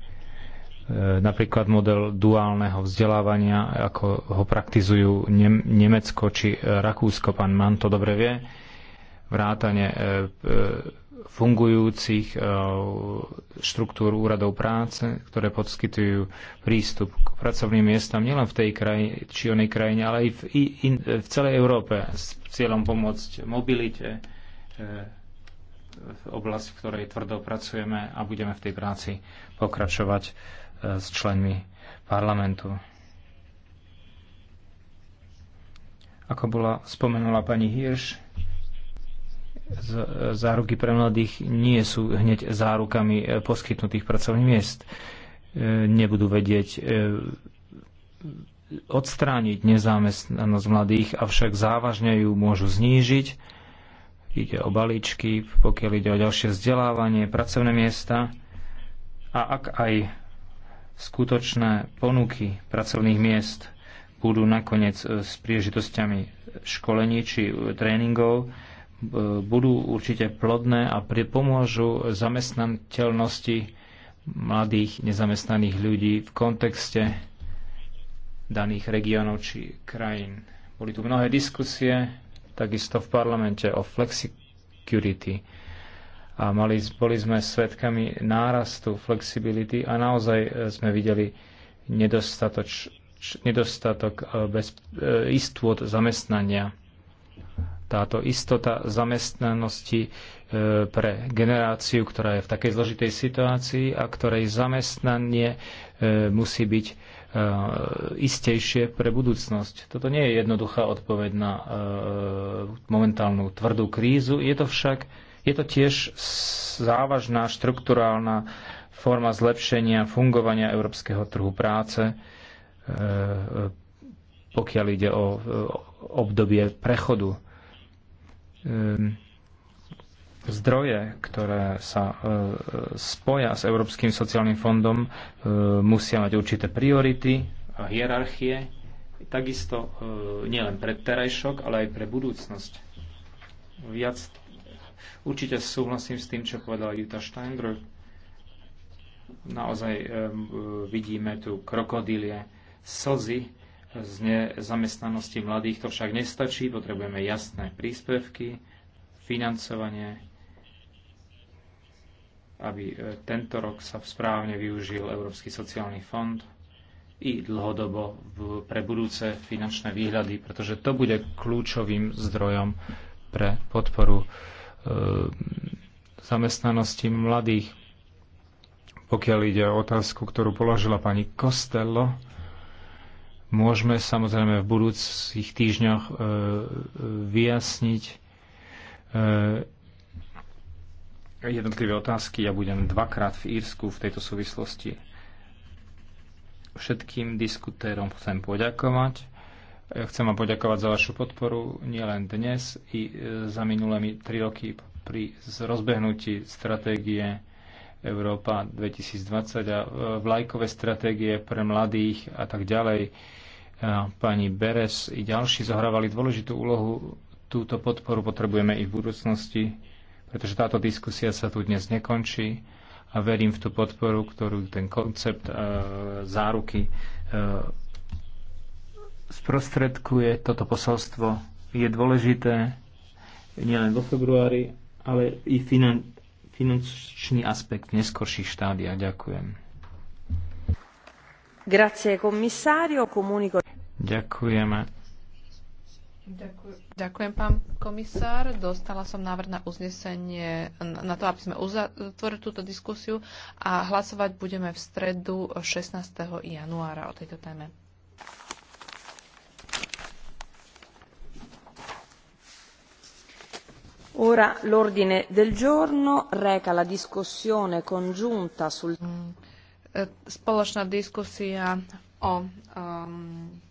E, napríklad model duálneho vzdelávania, ako ho praktizujú Nemecko či Rakúsko, pán Mann to dobre vie, vrátane e, e, fungujúcich štruktúr úradov práce, ktoré poskytujú prístup k pracovným miestam nielen v tej krajine, či onej krajine, ale aj v, in, v celej Európe s cieľom pomôcť mobilite v oblasti, v ktorej tvrdo pracujeme a budeme v tej práci pokračovať s členmi parlamentu. Ako bola spomenula pani Hirš, záruky pre mladých nie sú hneď zárukami e, poskytnutých pracovných miest. E, Nebudú vedieť e, odstrániť nezamestnanosť mladých, avšak závažne ju môžu znížiť. Ide o balíčky, pokiaľ ide o ďalšie vzdelávanie, pracovné miesta. A ak aj skutočné ponuky pracovných miest budú nakoniec e, s príležitosťami školení či e, tréningov, e, budú určite plodné a pomôžu zamestnateľnosti mladých nezamestnaných ľudí v kontexte daných regiónov či krajín. Boli tu mnohé diskusie, takisto v parlamente o flexicurity a mali, boli sme svedkami nárastu flexibility a naozaj e, sme videli nedostatoč, nedostatok e, bez, e, istôt zamestnania. Táto istota zamestnanosti pre generáciu, ktorá je v takej zložitej situácii a ktorej zamestnanie musí byť istejšie pre budúcnosť. Toto nie je jednoduchá odpoveď na momentálnu tvrdú krízu. Je to však je to tiež závažná štrukturálna forma zlepšenia fungovania európskeho trhu práce, e, e, pokiaľ ide o obdobie prechodu. E, zdroje, ktoré sa spoja s Európskym sociálnym fondom, musia mať určité priority a hierarchie, takisto nielen pre terajšok, ale aj pre budúcnosť. Viac Určite súhlasím s tým, čo povedal Jutta Steindruck. Naozaj um, vidíme tu krokodílie slzy z nezamestnanosti mladých. To však nestačí, potrebujeme jasné príspevky, financovanie, aby e, tento rok sa správne využil Európsky sociálny fond i dlhodobo pre budúce finančné výhľady, pretože to bude kľúčovým zdrojom pre podporu E, zamestnanosti mladých. Pokiaľ ide o otázku, ktorú položila pani Kostello, môžeme samozrejme v budúcich týždňoch e, vyjasniť e, jednotlivé otázky. Ja budem dvakrát v Írsku v tejto súvislosti. Všetkým diskutérom chcem poďakovať E, chcem vám poďakovať za vašu podporu nielen dnes i e, za minulé tri roky pri rozbehnutí stratégie Európa 2020 a e, vlajkové stratégie pre mladých a tak ďalej. Pani Beres i ďalší zohrávali dôležitú úlohu. Túto podporu potrebujeme i v budúcnosti, pretože táto diskusia sa tu dnes nekončí a verím v tú podporu, ktorú ten koncept záruky sprostredkuje toto posolstvo. Je dôležité nielen vo februári, ale i finan- finančný aspekt v neskorších štádia. Ďakujem. Grazie, komisario, comunico... Ďakujeme. Ďakujem. Ďakujem, pán komisár. Dostala som návrh na uznesenie, na to, aby sme uzatvorili túto diskusiu a hlasovať budeme v stredu 16. januára o tejto téme. Ora l'ordine del giorno reca la discussione congiunta sul... Mm, eh, spoločná diskusia o ehm,